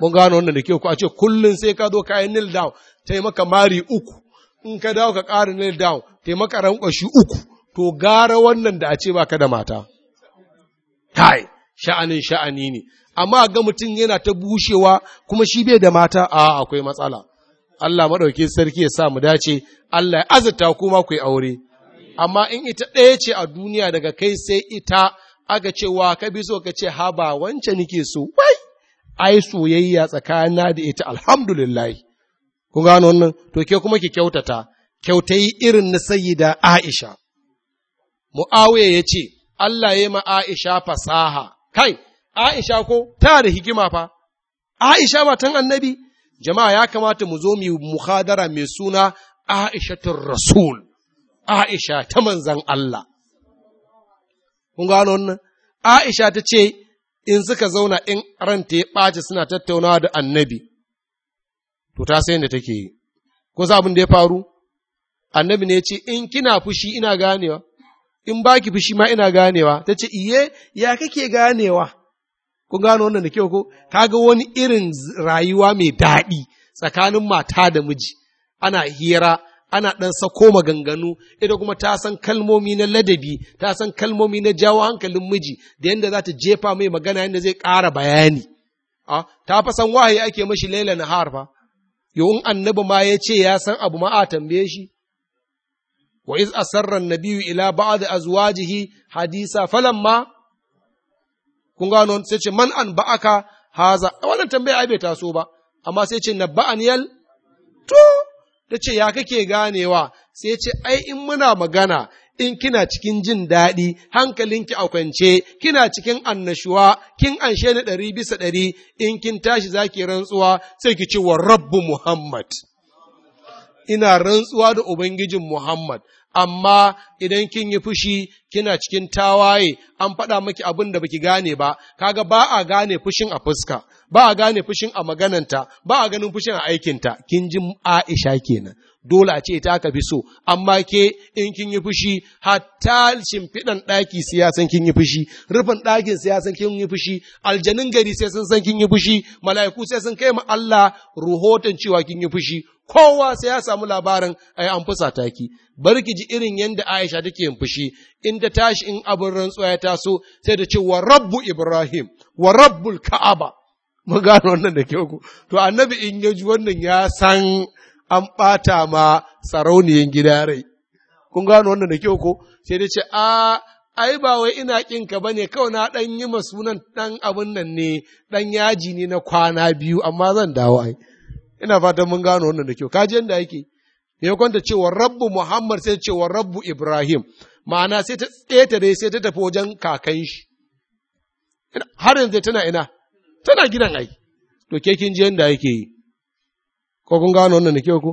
S1: mun gano wannan da kyau ko a ce kullun sai ka zo ka yi nil down tai maka mari uku in ka dawo ka ƙara nil down tai maka rankwashi uku to gara wannan da a ce baka da mata kai sha'anin sha'ani ne amma ga mutum yana ta bushewa kuma shi bai da mata a akwai matsala Allah maɗauki sarki ya sa mu dace Allah ya azurta kuma ku yi aure amma in ita ɗaya ce a duniya daga kai sai ita aka cewa ka bi so ka ce haba wancan nike so wai ai soyayya tsakanina da ita alhamdulillah kun gano wannan to ke kuma ki kyautata kyautai irin na sayyida Aisha Muawiya ya ce Allah ya ma Aisha fasaha kai Aisha ko ta da hikima fa Aisha matan annabi jama'a ya kamata mu zo mu muhadara mai suna Aishatul Rasul Aisha ta manzan Allah. Kun gano wannan? Aisha ta ce, in suka zauna in ranta ya ɓace suna tattaunawa da annabi, to ta sayan da take yi. Ko za abin da ya faru? Annabi ne ya ce, in kina fushi ina ganewa, in baki fushi ma ina ganewa, ta ce, iye, ya kake ganewa? Kun gano wannan da kyau ko? Kaga wani irin rayuwa mai daɗi tsakanin mata da miji, ana hira, ana ɗan sako maganganu, ita kuma ta san kalmomi na ladabi, ta san kalmomi na jawo hankalin miji, da yadda za ta jefa mai magana yadda zai ƙara bayani. ta fa san wahayi ake mashi laila na harfa, yawun annabi ma ya ce ya san abu ma a tambaye shi. Wa iz asarra nabiyu ila ba'd jihi hadisa falamma kun gano sai ce man an ba'aka haza wannan tambaya ai bai taso ba amma sai ce nabba'an yal to ta ce ya kake ganewa sai ce ai in muna magana in kina cikin jin daɗi hankalinki a kwance kina cikin annashuwa kin anshe ni ɗari bisa ɗari in kin tashi za ki rantsuwa sai ki ce wa rabbu muhammad ina rantsuwa da ubangijin muhammad amma idan kin yi fushi kina cikin tawaye an faɗa maki abin da baki gane ba kaga ba a gane fushin a fuska ba a gane fushin a magananta ba a ganin fushin a aikinta kin ji Aisha kenan dole a ce ta ka fi so amma ke in kin yi fushi hatta shimfiɗan ɗaki san kin yi fushi rufin ɗakin san kin yi fushi aljanin gari sai sun san kin yi fushi mala'iku sai sun kai ma Allah rahoton cewa kin yi fushi kowa sai ya samu labarin ai an fusata ki bari ki ji irin yadda Aisha take yin fushi in ta tashi in abin rantsuwa ya taso sai da ce wa rabbu Ibrahim wa rabbul Ka'aba mun gano wannan da kyau to annabi in ya ji wannan ya san an ɓata ma sarauniyin gida rai. Kun gano wannan da kyau ko? Sai dai ce, a ai ba wai ina ƙin ka bane kawai na ɗan yi ma sunan ɗan abin nan ne ɗan yaji ne na kwana biyu amma zan dawo ai. Ina fatan mun gano wannan da kyau. Kaji yadda yake. Ya kwanta cewa Rabbu Muhammad sai cewa Rabbu Ibrahim. Ma'ana sai ta ƙetare sai ta tafi wajen kakan shi. Har yanzu tana ina? Tana gidan ai. To ke kin je yadda yake yi. ko kun gano wannan da kyau ko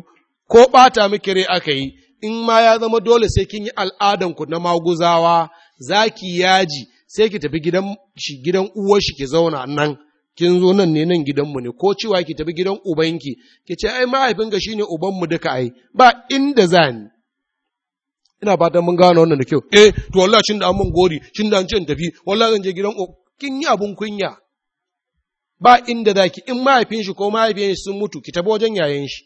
S1: ko ɓata miki rai aka yi in ma ya zama dole sai kin yi al'adanku na maguzawa za ki yaji sai ki tafi gidan shi gidan uwar shi ki zauna nan kin zo nan ne nan gidanmu ne ko cewa ki tafi gidan ubanki ki ce ai mahaifin ga shine ubanmu duka ai ba inda zan ina ina fatan mun gano wannan da kyau eh to wallahi cin da an mun gori cin da an ce in tafi wallahi zan je gidan kin yi abun kunya ba inda zaki in mahaifin shi ko mahaifin shi sun mutu ki tafi wajen yayin shi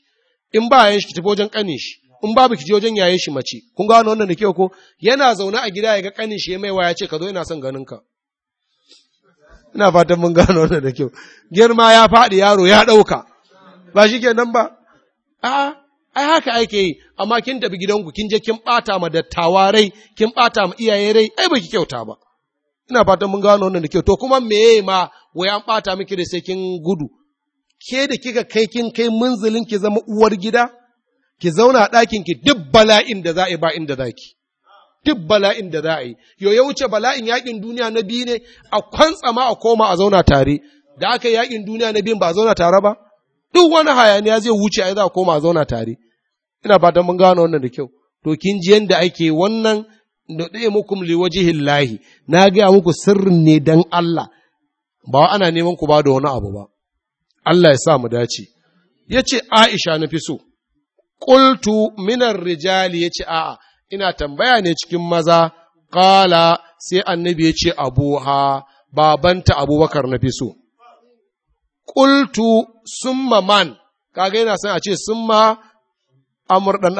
S1: in ba yayin shi ki tafi wajen kanin shi in babu ki je wajen yayin shi mace kun ga wannan da kyau ko yana zaune a gida ya ga kanin shi mai waya ce ka zo ina son ganin ka ina fatan mun gano wannan da kyau girma ya faɗi yaro ya ɗauka ba shi ke nan ba a ai haka ake yi amma kin tafi gidanku kin je kin ɓata ma dattawa rai kin ɓata ma iyaye rai ai ba ki kyauta ba ina fatan mun gano wannan da kyau to kuma me ma wai an bata miki da sai kin gudu ke da kika kai kin kai munzulin ki zama uwar gida ki zauna a ɗakin ki duk bala'in da za a yi ba inda za ki duk bala'in da za a yi yo ya wuce bala'in yakin duniya na biyu ne a kwantsa ma a koma a zauna tare da aka yakin duniya na biyu ba a zauna tare ba duk wani hayaniya zai wuce ai za a koma a zauna tare ina fatan mun gano wannan da kyau to kin ji yanda ake wannan da mukum wajihillahi na gaya muku sirrin ne dan Allah ba ana neman ku ba da wani abu ba Allah ya sa mu dace Ya ce Aisha na fi so ƙultu minar rijali ya ce a'a ina tambaya ne cikin maza ƙala sai annabi yace abuha babanta Abubakar na fi so qultu summa man kaga yana son a ce summa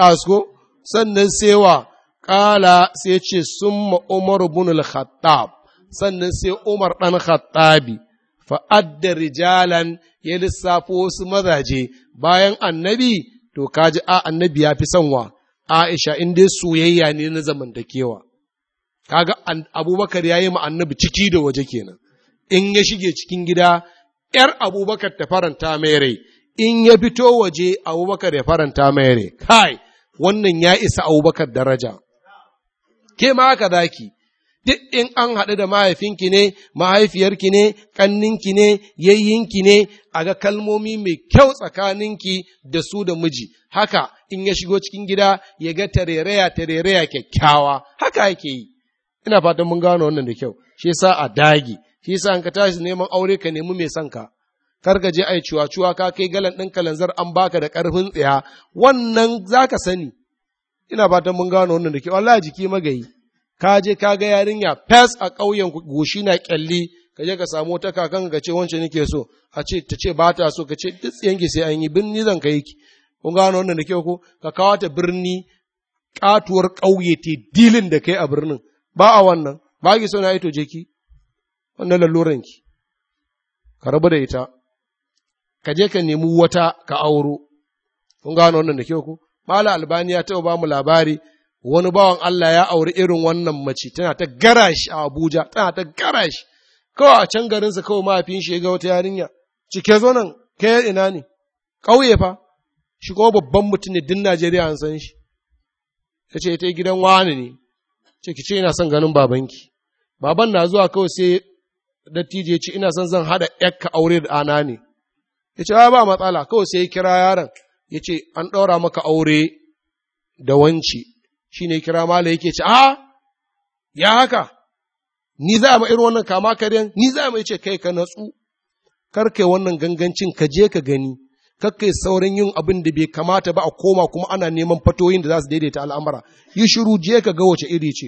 S1: asko sannan saiwa. kala sai ce summa Umar bin al-Khattab sannan sai Umar ɗan Khattabi fa'adda rijalan ya lissafo wasu mazaje bayan annabi to kaji a annabi ya fi sanwa Aisha in dai soyayya ne na zamantakewa kaga Abubakar ya yi ma annabi ciki da waje kenan in ya shige cikin gida ‘yar Abubakar ta faranta mai rai in ya fito waje Abubakar ya faranta mai rai kai wannan ya isa Abubakar daraja ke ma haka zaki duk in an haɗu da mahaifinki ne mahaifiyarki ne ƙanninki ne yayyinki ne a ga kalmomi mai kyau tsakaninki da su da miji haka in ya shigo cikin gida ya ga tarereya tarereya kyakkyawa haka yake yi ina fatan mun gano wannan da kyau shi yasa a dagi shi yasa an ka tashi neman aure ka nemi mai son ka kar ka je ai ciwa ciwa ka kai galan ɗin kalanzar an baka da ƙarfin tsaya wannan zaka sani ina fatan mun gano wannan da ke wallahi jiki magayi ka je ka ga yarinya fes a ƙauyen goshi na kyalli ka je ka samu wata kakan ka ce wance nake so a ce ta ce ba ta so ka ce duk yanki sai an yi ni zan kai ki kun gano wannan da ke ko ka kawo ta birni katuwar ƙauye te dilin da kai a birnin ba a wannan ba ki so na ito je ki wannan laluran ki ka rabu da ita ka je ka nemi wata ka auro kun gano wannan da ke ko mala albani ya taɓa bamu labari wani bawan Allah ya auri irin wannan mace tana ta garashi a Abuja tana ta garashi kawai a can garinsa kawai mahaifin shi ya ga wata yarinya cike zo nan kai ina ne ƙauye fa shi kuma babban mutum ne din Najeriya an san shi ya ce ita gidan wani ne ce ki ce ina son ganin babanki baban na zuwa kawai sai dattijo ya ce ina son zan haɗa yakka aure da ana ne ya ce ba matsala kawai sai ya kira yaron ya ce an ɗaura maka aure da wanci shi ne kira mala yake ce a ya haka ni za a irin wannan kama karyan ni za a ma ce kai ka natsu karkai wannan gangancin ka je ka gani yi sauran yin abin da bai kamata ba a koma kuma ana neman fatoyin da za su daidaita al'amara yi shiru je ka ga wace iri ce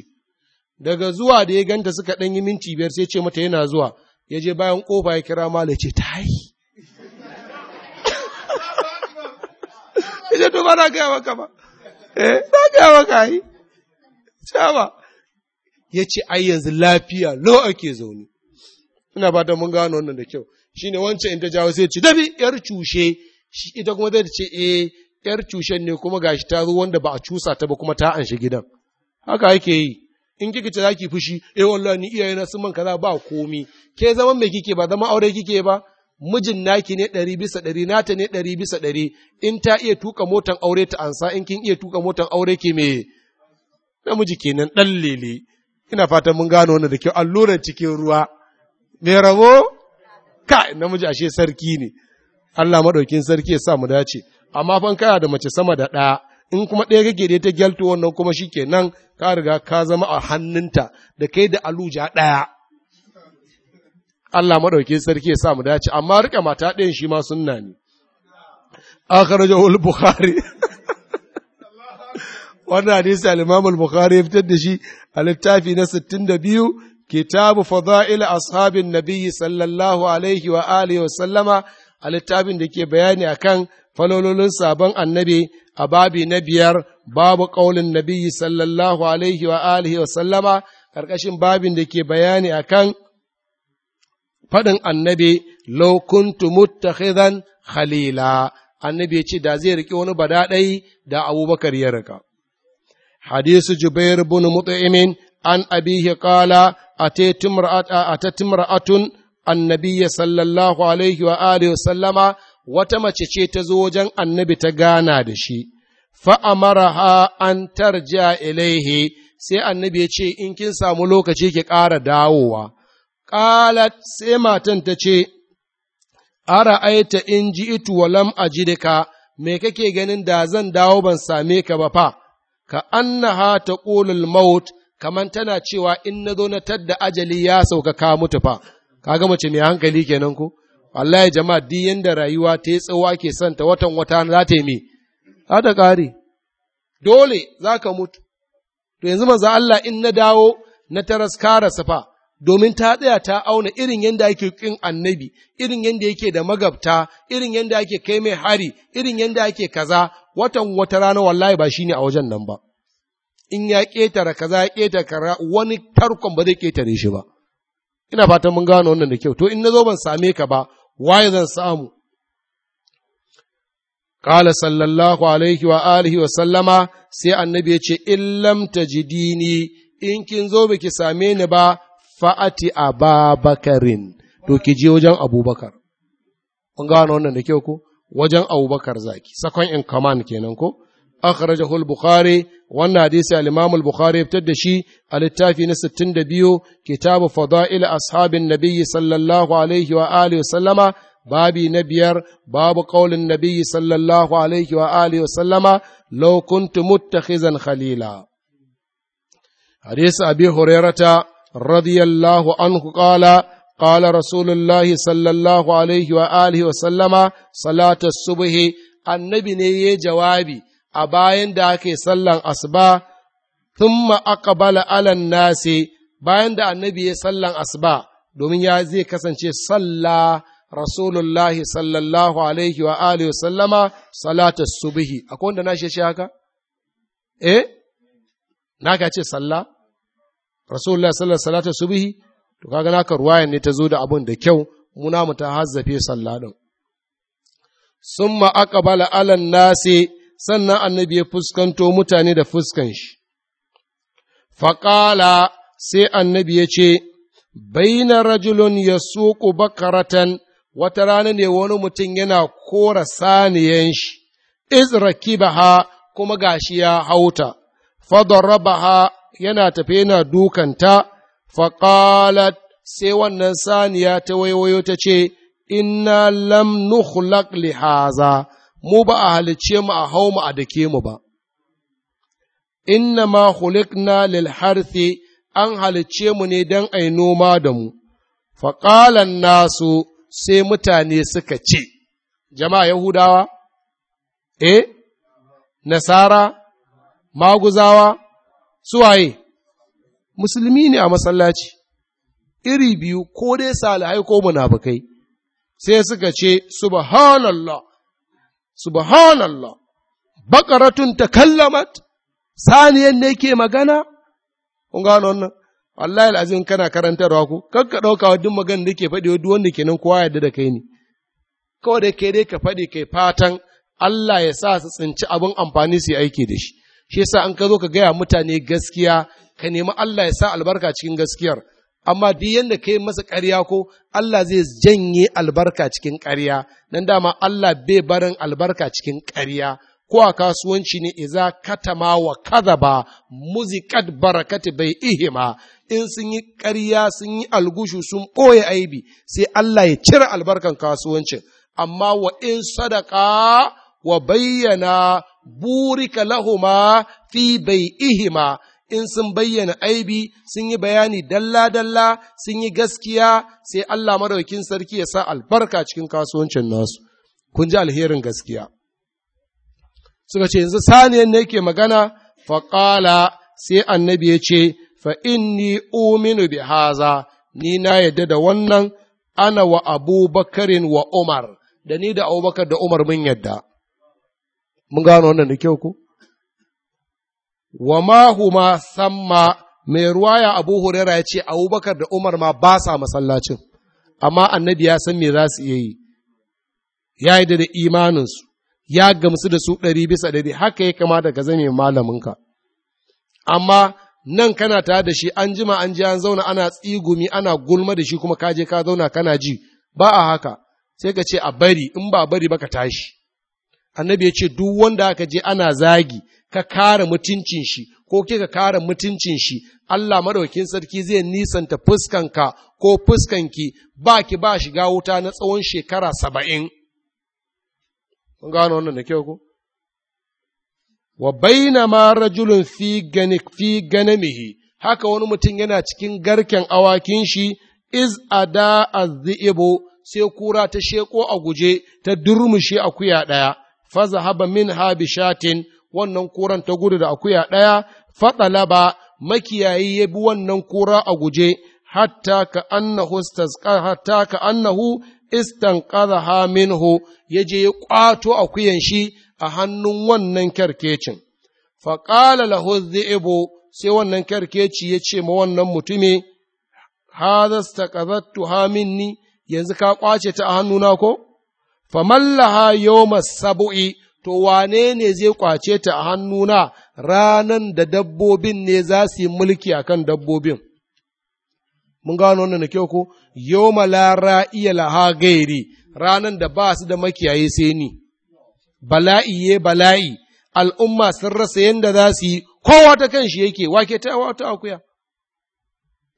S1: daga zuwa da ya ganta suka ɗan yi minti biyar sai ce mata yana zuwa ya je bayan ƙofa ya kira mala ce ta yi yace to ba na gaya maka ba eh na gaya maka ai cewa yace ai yanzu lafiya lo ake zaune ina fatan mun gano wannan da kyau shine wancan in ta jawo sai ce dabi yar cushe shi ita kuma zai ce eh yar cushen ne kuma gashi ta zo wanda ba a cusa ta ba kuma ta anshi gidan haka ake yi in kika ce zaki fushi eh wallahi ni iyaye sun man kaza ba komi ke zaman me kike ba zama aure kike ba mijin naki ne ɗari bisa ɗari nata ne ɗari bisa ɗari in ta iya tuka motan aure ta ansa in kin iya tuka motan aure ke me namiji kenan ɗan lele ina fatan mun gano wani da kyau Allurar cikin ruwa me rabo ka namiji ashe sarki ne Allah maɗaukin sarki ya sa mu dace amma fan kaya da mace sama da ɗaya in kuma ɗaya kake da ta gyalto wannan kuma shi shikenan ka riga ka zama a hannunta da kai da aluja ɗaya Allah maɗauki sarki ya sa mu dace amma rika mata ɗayan shi ma sunna ne akhrajahu al-bukhari <laughs> wannan hadisi al bukhari ya fitar da shi a littafi na 62 kitabu fada'il ashabin nabiyyi sallallahu alaihi wa alihi wa sallama a littafin da ke bayani akan falololin sabon annabi a babi na biyar babu ƙaunin nabiyyi sallallahu alaihi wa alihi wa sallama ƙarƙashin babin da ke bayani akan faɗin annabi law kuntu muttakhidan khalila annabi ya ce da zai riƙe wani badaɗai da abubakar ya riƙa hadisu jubair bin mut'imin an abihi qala atat imra'atun atat imra'atun annabiyya sallallahu alaihi wa alihi sallama wata mace ce ta zo wajen annabi ta gana da shi fa amaraha an tarja ilaihi sai annabi ya ce in kin samu lokaci ki ƙara dawowa ƙalat sai matan ta ce, Ara aita in ji itu walam a jidika, me kake ganin da zan dawo ban same ka ba fa, ka annaha ta ƙolul maut, kamar tana cewa in na zo na tadda ajali ya ka mutu fa, kaga mace mai hankali kenan ko? Wallahi jama'a duk yanda rayuwa ta yi tsawo ake son ta watan wata za ta yi me? Za ta ƙare. Dole za ka mutu. To yanzu maza Allah in na dawo na taras kara safa, domin ta tsaya ta auna irin yadda ake kin annabi, irin yadda yake da magabta, irin yadda ake kai mai hari, irin yadda ake kaza, watan wata rana wallahi ba shi ne a wajen nan ba. In ya ƙetare kaza ya ƙetare wani tarkon ba zai ƙetare shi ba. Ina fatan mun gano wannan da kyau, to in na zo ban same ka ba, waye zan samu? Kala sallallahu alaihi wa alihi wa sallama sai annabi ya ce, In lam tajidini in kin zo biki same ni ba, fa'ati ababakarin to ki je wajen abubakar kun gano wannan da kyau ko wajen abubakar zaki sakon in command kenan ko akhrajahu al-bukhari wannan hadisi al-imam al-bukhari ya fitar da shi a littafi na 62 kitabu fadail ashabin nabiy sallallahu alaihi wa alihi wa sallama babi na biyar babu qaulin nabiy sallallahu alaihi wa alihi wa sallama law kuntu muttakhizan khalila hadisi abi hurairata رضي الله عنه قال قال رسول الله صلى الله عليه وآله وسلم صلاة الصبح النبي ني جوابي أباين داكي صلى أصبا ثم أقبل على الناس bayan da annabi ya sallan asuba domin ya zai kasance salla rasulullahi sallallahu alaihi wa alihi wa sallama salata subihi akwai wanda na shi haka eh naka ce salla rasulullah sallar wasallam subhi to kaga naka ruwayan ne ta zo da abun da kyau muna mu ta hazzafe sallah din summa aqbala ala nasi sannan annabi ya fuskanto mutane da fuskan shi faqala sai annabi ya ce baina rajulun yasuqu bakaratan wata rana ne wani mutum yana kora saniyan shi iz rakibaha kuma gashi ya hauta fadarrabaha yana tafe yana dukanta, faƙalat sai wannan saniya ta waiwayo ta ce, Inna lam nukhlaq lihaza, mu ba a halicce mu a hau mu a dake mu ba. Inna ma khuliqna lil harthi an halicce mu ne don ai noma da mu, faƙalan nasu sai mutane suka ce, Jama'a Yahudawa? Eh? Nasara? Maguzawa? suwaye musulmi ne a masallaci iri biyu ko dai salihai ko munafukai sai suka ce subhanallah subhanallah bakaratun kallamat saniyan ne ke magana kun gano wannan wallahi alazim kana karantarwa ko kakka ɗauka wa duk magana da ke faɗi duk wanda ke nan kowa yadda da kai ne kawai da ke dai ka faɗi kai fatan Allah ya sa su tsinci abin amfani su yi aiki da shi shi yasa an ka zo ka gaya mutane gaskiya ka nemi Allah ya sa albarka cikin gaskiyar amma duk yadda ka yi masa ƙarya ko Allah zai janye albarka cikin ƙarya nan dama Allah bai barin albarka cikin ƙarya ko a kasuwanci ne iza katama wa kadaba muzikat barakati bai ihima in sun yi ƙarya sun yi algushu sun ɓoye aibi sai Allah ya cire albarkan kasuwancin amma wa in sadaka wa bayyana burika lahuma fi ihima in sun bayyana aibi sun yi bayani dalla-dalla sun yi gaskiya sai Allah madaukin sarki ya sa albarka cikin kasuwancin nasu kun ji alherin gaskiya suka ce yanzu saniyan ne ke magana faƙala sai annabi ya ce fa inni uminu bi haza ni na yadda da wannan ana wa abubakarin wa umar da ni da abubakar da umar mun yadda Mun gano wannan da kyau ko? Wa mahuma samma mai ruwaya Abu Huraira ya ce Abubakar da Umar ma ba sa masallacin, amma annabi ya san me za su iya yi, ya yi da imaninsu, ya gamsu da su ɗari bisa ɗari, haka ya kamata ka zame malaminka. Amma nan kana tare da shi an jima an ji an zauna ana tsigumi ana gulma da shi kuma kaje ka zauna kana ji ba a haka sai ka ce a bari in ba bari ba ka tashi annabi ya ce duk wanda aka je ana zagi ka kare mutuncin shi ko kika kare mutuncin shi Allah madaukin sarki zai nisanta fuskanka ko fuskanki ba ki ba shiga wuta na tsawon shekara saba'in. Kun gano wannan da kyau ko? Wa baina ma rajulun fi ganik fi ganamihi haka wani mutum yana cikin garken awakin shi iz ada azzibo sai kura ta sheko a guje ta durmushe akuya ɗaya faza haba min habi shatin wannan kuran ta gudu da akuya ɗaya laba makiyayi ya bi wannan kura a guje hatta ka annahu hatta ka annahu istanqadha minhu yaje ya kwato akuyan shi a hannun wannan kerkecin qala lahu dhi'bu sai wannan kerkeci ya ce ma wannan mutumi hadha ha minni yanzu ka kwace ta a hannuna ko famallaha yoma sab'i to wane ne zai kwace ta a hannuna ranan da dabbobin ne za su yi mulki akan dabbobin mun gano wannan kyau ko yoma la ra'iya laha gairi ranan da ba su da makiyayi sai ni bala'i ye bala'i al'umma sun rasa yadda za su yi kowa ta kan shi yake wake ta wata akuya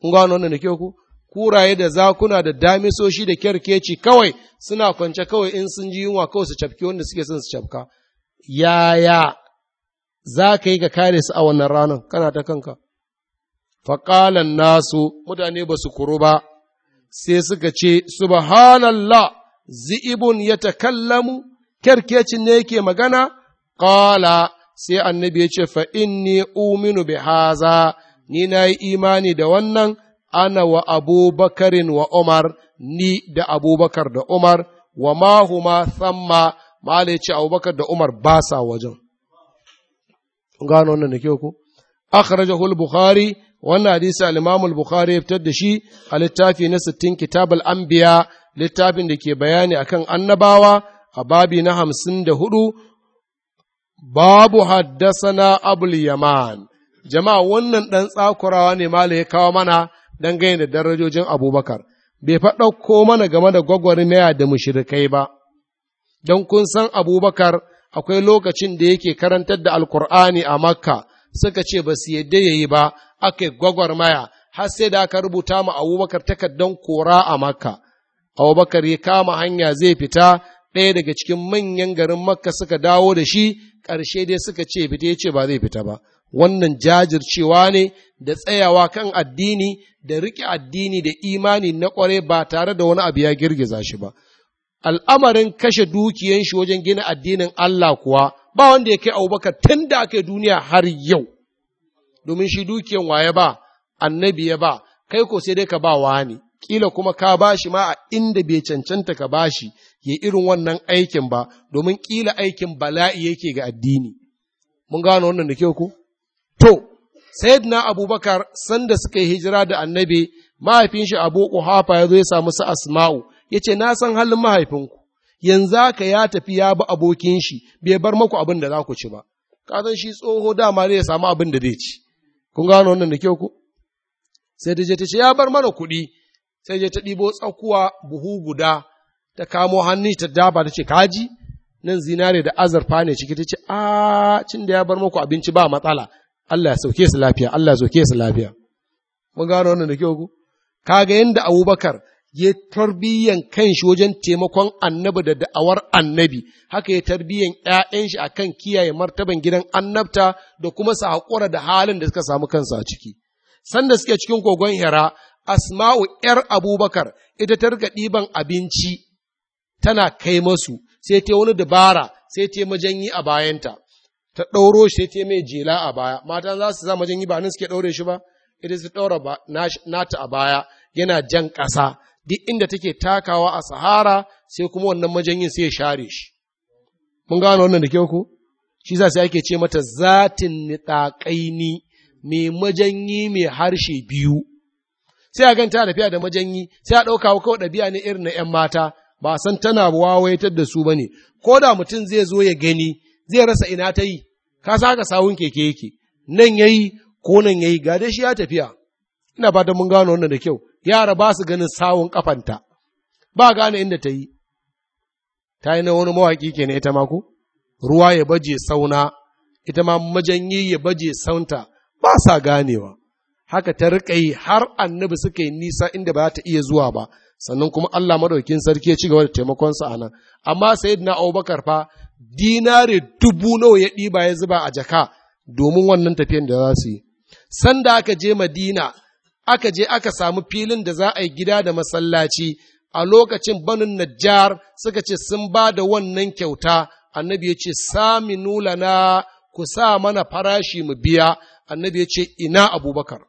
S1: mun gano wannan da kyau ko kuraye da zakuna da damisoshi da kyarkeci kawai suna kwance kawai in sun ji yunwa kawai su cafke wanda suke son su cafka yaya za ka yi ka kare su a wannan ranar kana ta kanka faƙalan nasu mutane ba su kuru ba sai suka ce subhanallah zi'ibun ya takallamu kyarkecin ne yake magana ƙala sai annabi ya ce fa inni uminu bi haza ni na yi imani da wannan ana wa abubakarin wa umar ni da abubakar da umar wa mahuma samma mala ce abubakar da umar ba sa wajen gano wannan da akhrajahu al-bukhari wannan hadisi al-imam al-bukhari ya fitar da shi a littafi na 60 kitab al-anbiya littafin da ke bayani akan annabawa a babi na 54 babu na abul yaman jama'a wannan dan tsakurawa ne mala ya kawo mana dangane da darajojin abubakar bai faɗa ko mana game da gwagwarmaya da mushirikai ba don kun san abubakar akwai lokacin da yake karantar da alkur'ani a makka suka ce ba su yadda ya yi ba aka gwagwar maya har sai da aka rubuta ma abubakar takardan kora a makka abubakar ya kama hanya zai fita ɗaya daga cikin manyan garin makka suka dawo da shi ƙarshe dai suka ce fita ya ce ba zai fita ba wannan jajircewa ne da tsayawa kan addini da riƙe addini da imani na ƙware ba tare da wani abu ya girgiza shi ba al'amarin kashe dukiyan shi wajen gina addinin Allah kuwa ba wanda ya kai abubakar tun da aka duniya har yau domin shi dukiyan waye ba annabi ya ba kai ko sai dai ka ba wani kila kuma ka bashi ma a inda bai cancanta ka bashi ya irin wannan aikin ba domin ƙila aikin bala'i yake ga addini mun gano wannan da kyau ko To, na Abubakar sanda suka yi hijira da annabi mahaifin shi Abu ya zo ya samu su Asma'u ya ce na san halin mahaifinku yanzu haka ya tafi ya bi abokin shi bai bar maku abin da za ku ci ba ka shi tsoho dama ne ya samu abin da zai ci kun gano wannan da kyau ku sai ta je ta ce ya bar mana kuɗi sai je ta ɗibo tsakuwa buhu guda ta kamo hannu ta daba ta ce kaji nan zinare da azurfa ne ciki ta ce a cin da ya bar maku abinci ba matsala Allah ya sauke su lafiya Allah ya sauke su lafiya mun gano wannan da kyau ku Ka kaga yanda Abubakar ya tarbiyyan kanshi wajen taimakon annabi da da'awar annabi haka ya tarbiyyan ‘ya'yan shi a kan kiyaye martaban gidan annabta da kuma su haƙura da halin da suka samu kansa a ciki sanda suke cikin kogon hira asma'u ‘yar abubakar ita ta rika ɗiban abinci tana kai masu sai ta wani dabara sai ta majanyi a bayanta ta ɗauro shi ta mai jela a baya mata za su zama jin yi ba nan suke ɗaure shi ba ita su ɗaura nata a baya yana jan ƙasa duk inda take takawa a sahara sai kuma wannan majanyin sai ya share shi mun gano wannan da kyau ku shi za sai ake ce mata zatin niƙaƙaini mai majanyi mai harshe biyu sai a ganta tafiya da majanyi sai a ɗauka kawai ɗabi'a ne irin na ‘yan mata ba san tana wawaitar da su ba ne ko da mutum zai zo ya gani zai rasa ina ta yi, ka saka sawun keke yake, nan ya yi ko nan ya yi, gada shi ya tafiya. Ina fatan mun gano wannan da kyau, yara ba su ganin sawun kafanta, ba gane inda ta yi. Ta yi na wani mawaƙi na ita ma Ruwa ya baje sauna, ita ma majanyi ya baje saunta, ba sa ganewa. Haka ta riƙa yi har annabi suka yi nisa inda ba ta iya zuwa ba, sannan kuma Allah maɗaukin sarki ya ci gaba da taimakonsa a nan. Amma Sayyidina Abubakar fa dinare dubu nawa ya ɗiba ya zuba a jaka domin wannan tafiyan da za su yi sanda aka je madina aka je aka samu filin da za a yi gida da masallaci a lokacin banin najjar suka ce sun ba da wannan kyauta annabi ya ce sami na ku sa mana farashi mu biya annabi ya ce ina abubakar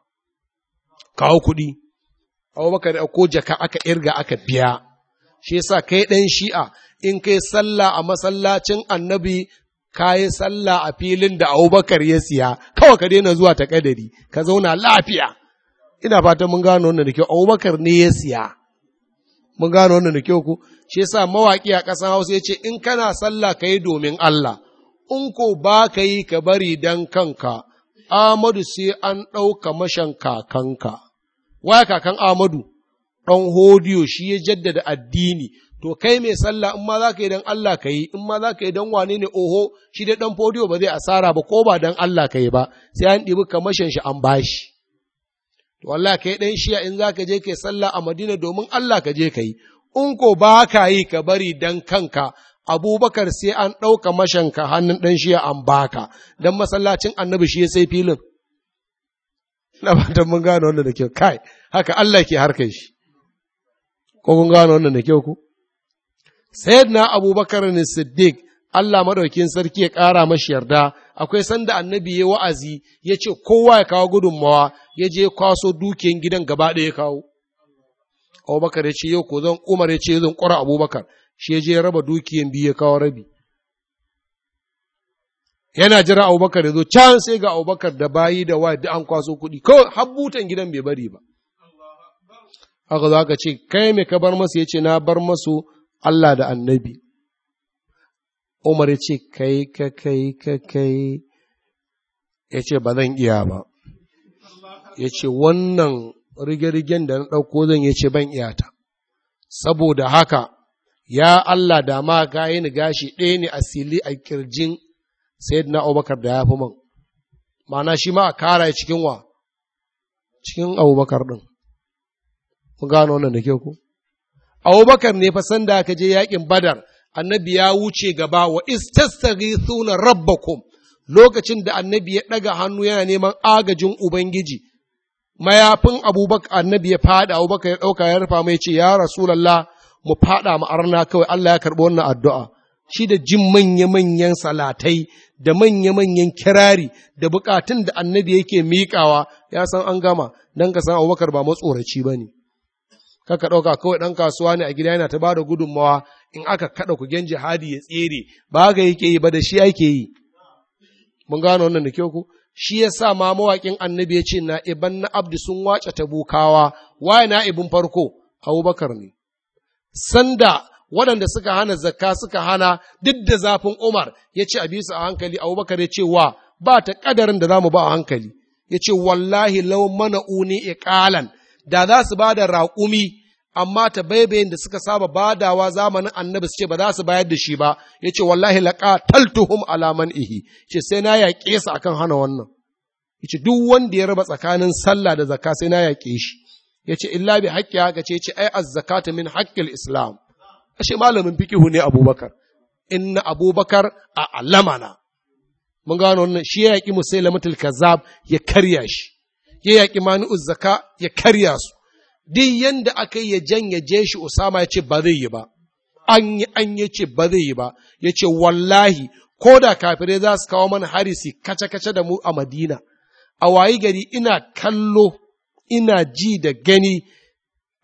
S1: kawo kuɗi abubakar ko jaka aka irga aka biya shi yasa kai ɗan shi'a in kai sallah a masallacin annabi ka yi sallah a filin da abubakar ya siya kawai ka daina zuwa ta kadari ka zauna lafiya ina fatan mun gano wannan da kyau abubakar ne ya siya mun gano wannan da kyau ku shi yasa mawaki a ƙasar hausa ya ce in kana sallah ka yi domin allah in ko ba ka yi ka bari dan kanka amadu sai an ɗauka mashan kakanka waya kakan amadu ɗan hodiyo shi ya jaddada addini to kai mai sallah in ma za ka yi don Allah ka yi, in ma za ka yi don wane ne oho, shi dai ɗan fodiyo ba zai asara ba ko ba don Allah ka yi ba, sai an ɗibi kamashin shi an bashi. To Allah ka yi ɗan shiya in za ka je ka yi sallah a Madina domin Allah ka je ka yi, in ko ba ka yi ka bari don kanka, Abubakar sai an ɗauka mashanka hannun ɗan shiya an baka, don masallacin annabi shi ya sai filin. Na fatan mun gane wannan da kyau, kai, haka Allah ke harkar shi. Ko kun gane wannan da kyau ku? sayyidina abubakar ne siddiq Allah maɗaukin sarki ya ƙara mashi yarda akwai sanda annabi ya wa'azi ya ce kowa ya kawo gudunmawa ya je kwaso dukiyan gidan gaba ɗaya kawo abubakar ya ce yau ko zan umar ya ce zan ƙura abubakar shi ya je ya raba dukiyan biyu ya kawo rabi yana jira abubakar ya zo can sai ga abubakar da bayi da wa da an kwaso kuɗi ko har gidan bai bari ba haka za ka ce kai me ka bar masu yace na bar masu Allah da annabi Umar ya ce kai ka kai ka kai ya ce ba zan iya ba ya ce wannan rige-rigen da na ɗauko zan ya ce ban iyata saboda haka ya Allah da ma yi ni gashi ɗaya ne asili a kirjin sayyidina Abubakar da ya fi man Mana shi ma a kara cikin wa cikin Abubakar ɗin mun gano wannan da ke ku Abubakar ne fa sanda aka je yakin Badar annabi ya wuce gaba wa istastaghithuna rabbakum lokacin da annabi ya ɗaga hannu yana neman agajin ubangiji mayafin abubakar annabi ya fada abubakar ya ɗauka ya rufa mai ce ya rasulallah mu fada mu arna kawai Allah ya karɓi wannan addu'a shi da jin manya-manyan salatai da manya-manyan kirari da bukatun da annabi yake miƙawa ya san an gama don ka san abubakar ba matsoraci ba ne kaka ɗauka kawai ɗan kasuwa ne a gida yana ta bada gudunmawa in aka kaɗa ku gen jihadi ya tsere ba ga yake yi ba da shi ake yi mun gano wannan da kyau ku shi ya sa ma mawaƙin annabi ya ce na iban na abdi sun wace bukawa waye na ibin farko abubakar ne sanda waɗanda suka hana zakka suka hana duk da zafin umar ya ce a bisu a hankali abubakar ya ce wa ba ta ƙadarin da za mu ba a hankali ya ce wallahi lau mana uni iƙalan da za su ba da raƙumi amma ta baibayin da suka saba badawa zamanin annabi su ce ba za su bayar da shi ba ya ce wallahi laƙa taltuhum alaman ihi ce sai na yaƙe su akan hana wannan ya ce duk wanda ya raba tsakanin sallah da zakka sai na yaƙe shi ya ce illa bi haƙƙi haka ce ce ai azzakata min haƙƙil islam ashe malamin fikihu ne abubakar inna abubakar a alamana mun gano wannan shi ya yaƙi musailamatul kazzab ya karya shi ya yaƙi mani zaka ya karya su duk yanda aka yi ya je shi usama ya ce ba zai yi ba an yi an ya ce ba zai yi ba ya ce wallahi ko da kafirai za su kawo mana harisi kace-kace da mu a madina a wayi gari ina kallo ina ji da gani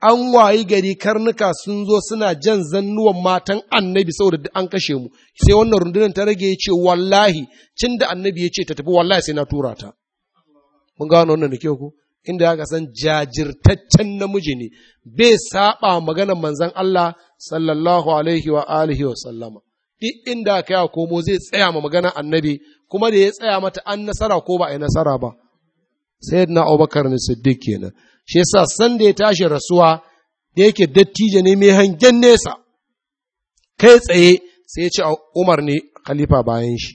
S1: an wayi gari karnuka sun zo suna jan zannuwan matan annabi saboda an kashe mu sai wannan rundunar ta rage ya ce wallahi cin annabi ya ce ta tafi wallahi sai na tura ta mun gano wannan da kyau ku inda aka san jajirtaccen namiji ne bai saba maganar manzon Allah sallallahu alaihi wa alihi wa sallama duk inda aka ya komo zai tsaya ma maganar annabi kuma da ya tsaya mata an nasara ko ba a yi nasara ba sayyidina Abubakar ne Siddiq kenan shi yasa san da ya tashi rasuwa da yake dattijo ne mai hangen nesa kai tsaye sai ya ce Umar ne khalifa bayan shi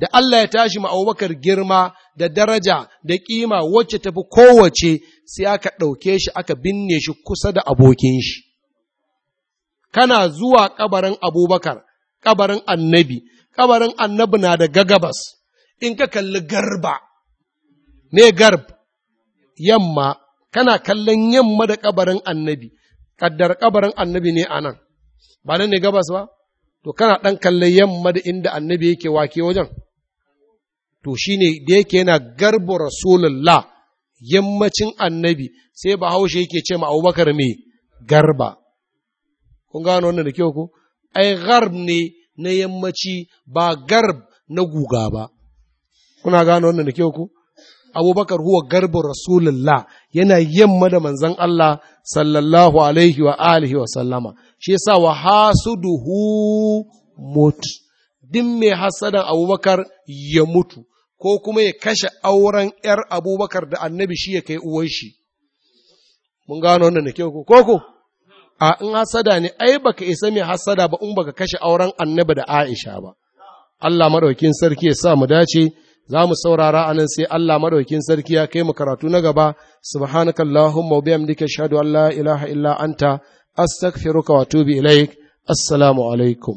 S1: da Allah ya tashi ma Abubakar girma da daraja da ƙima wacce tafi kowace sai aka ɗauke shi aka binne shi kusa da abokin shi. Kana zuwa ƙabarin abubakar, ƙabarin annabi, ƙabarin annabi na da gagabas, in ka kalli garba, ne garb, yamma, kana kallon yamma da ƙabarin annabi, ƙaddar ƙabarin annabi ne a nan, ba ne gabas ba? To, kana ɗan kallon yamma da inda annabi yake wake wajen. to ne da yake yana garba rasulullah yammacin annabi sai bahaushe yake ce ma abubakar me garba kun gano wannan da kyau ko ai garb ne na yammaci ba garb na guga ba kuna gano wannan da kyau ko abubakar huwa garbo rasulullah yana yamma da manzan Allah sallallahu alaihi wa alihi wa sallama shi yasa wa hasuduhu mut din mai hasadan abubakar ya mutu ko kuma ya kashe auren ‘yar abubakar da annabi shi ya kai uwan shi. Mun gano wannan da kyau ko koko? A in hasada ne, ai baka isa mai hasada ba in ba ka kashe auren annabi da Aisha ba. Allah maɗaukin sarki ya sa mu dace, za mu saurara a nan sai Allah maɗaukin sarki ya kai mu karatu na gaba, subhanakallahumma wa bihamdika shahadu ilaha illa anta astaghfiruka wa tubi ilaik. Assalamu alaikum.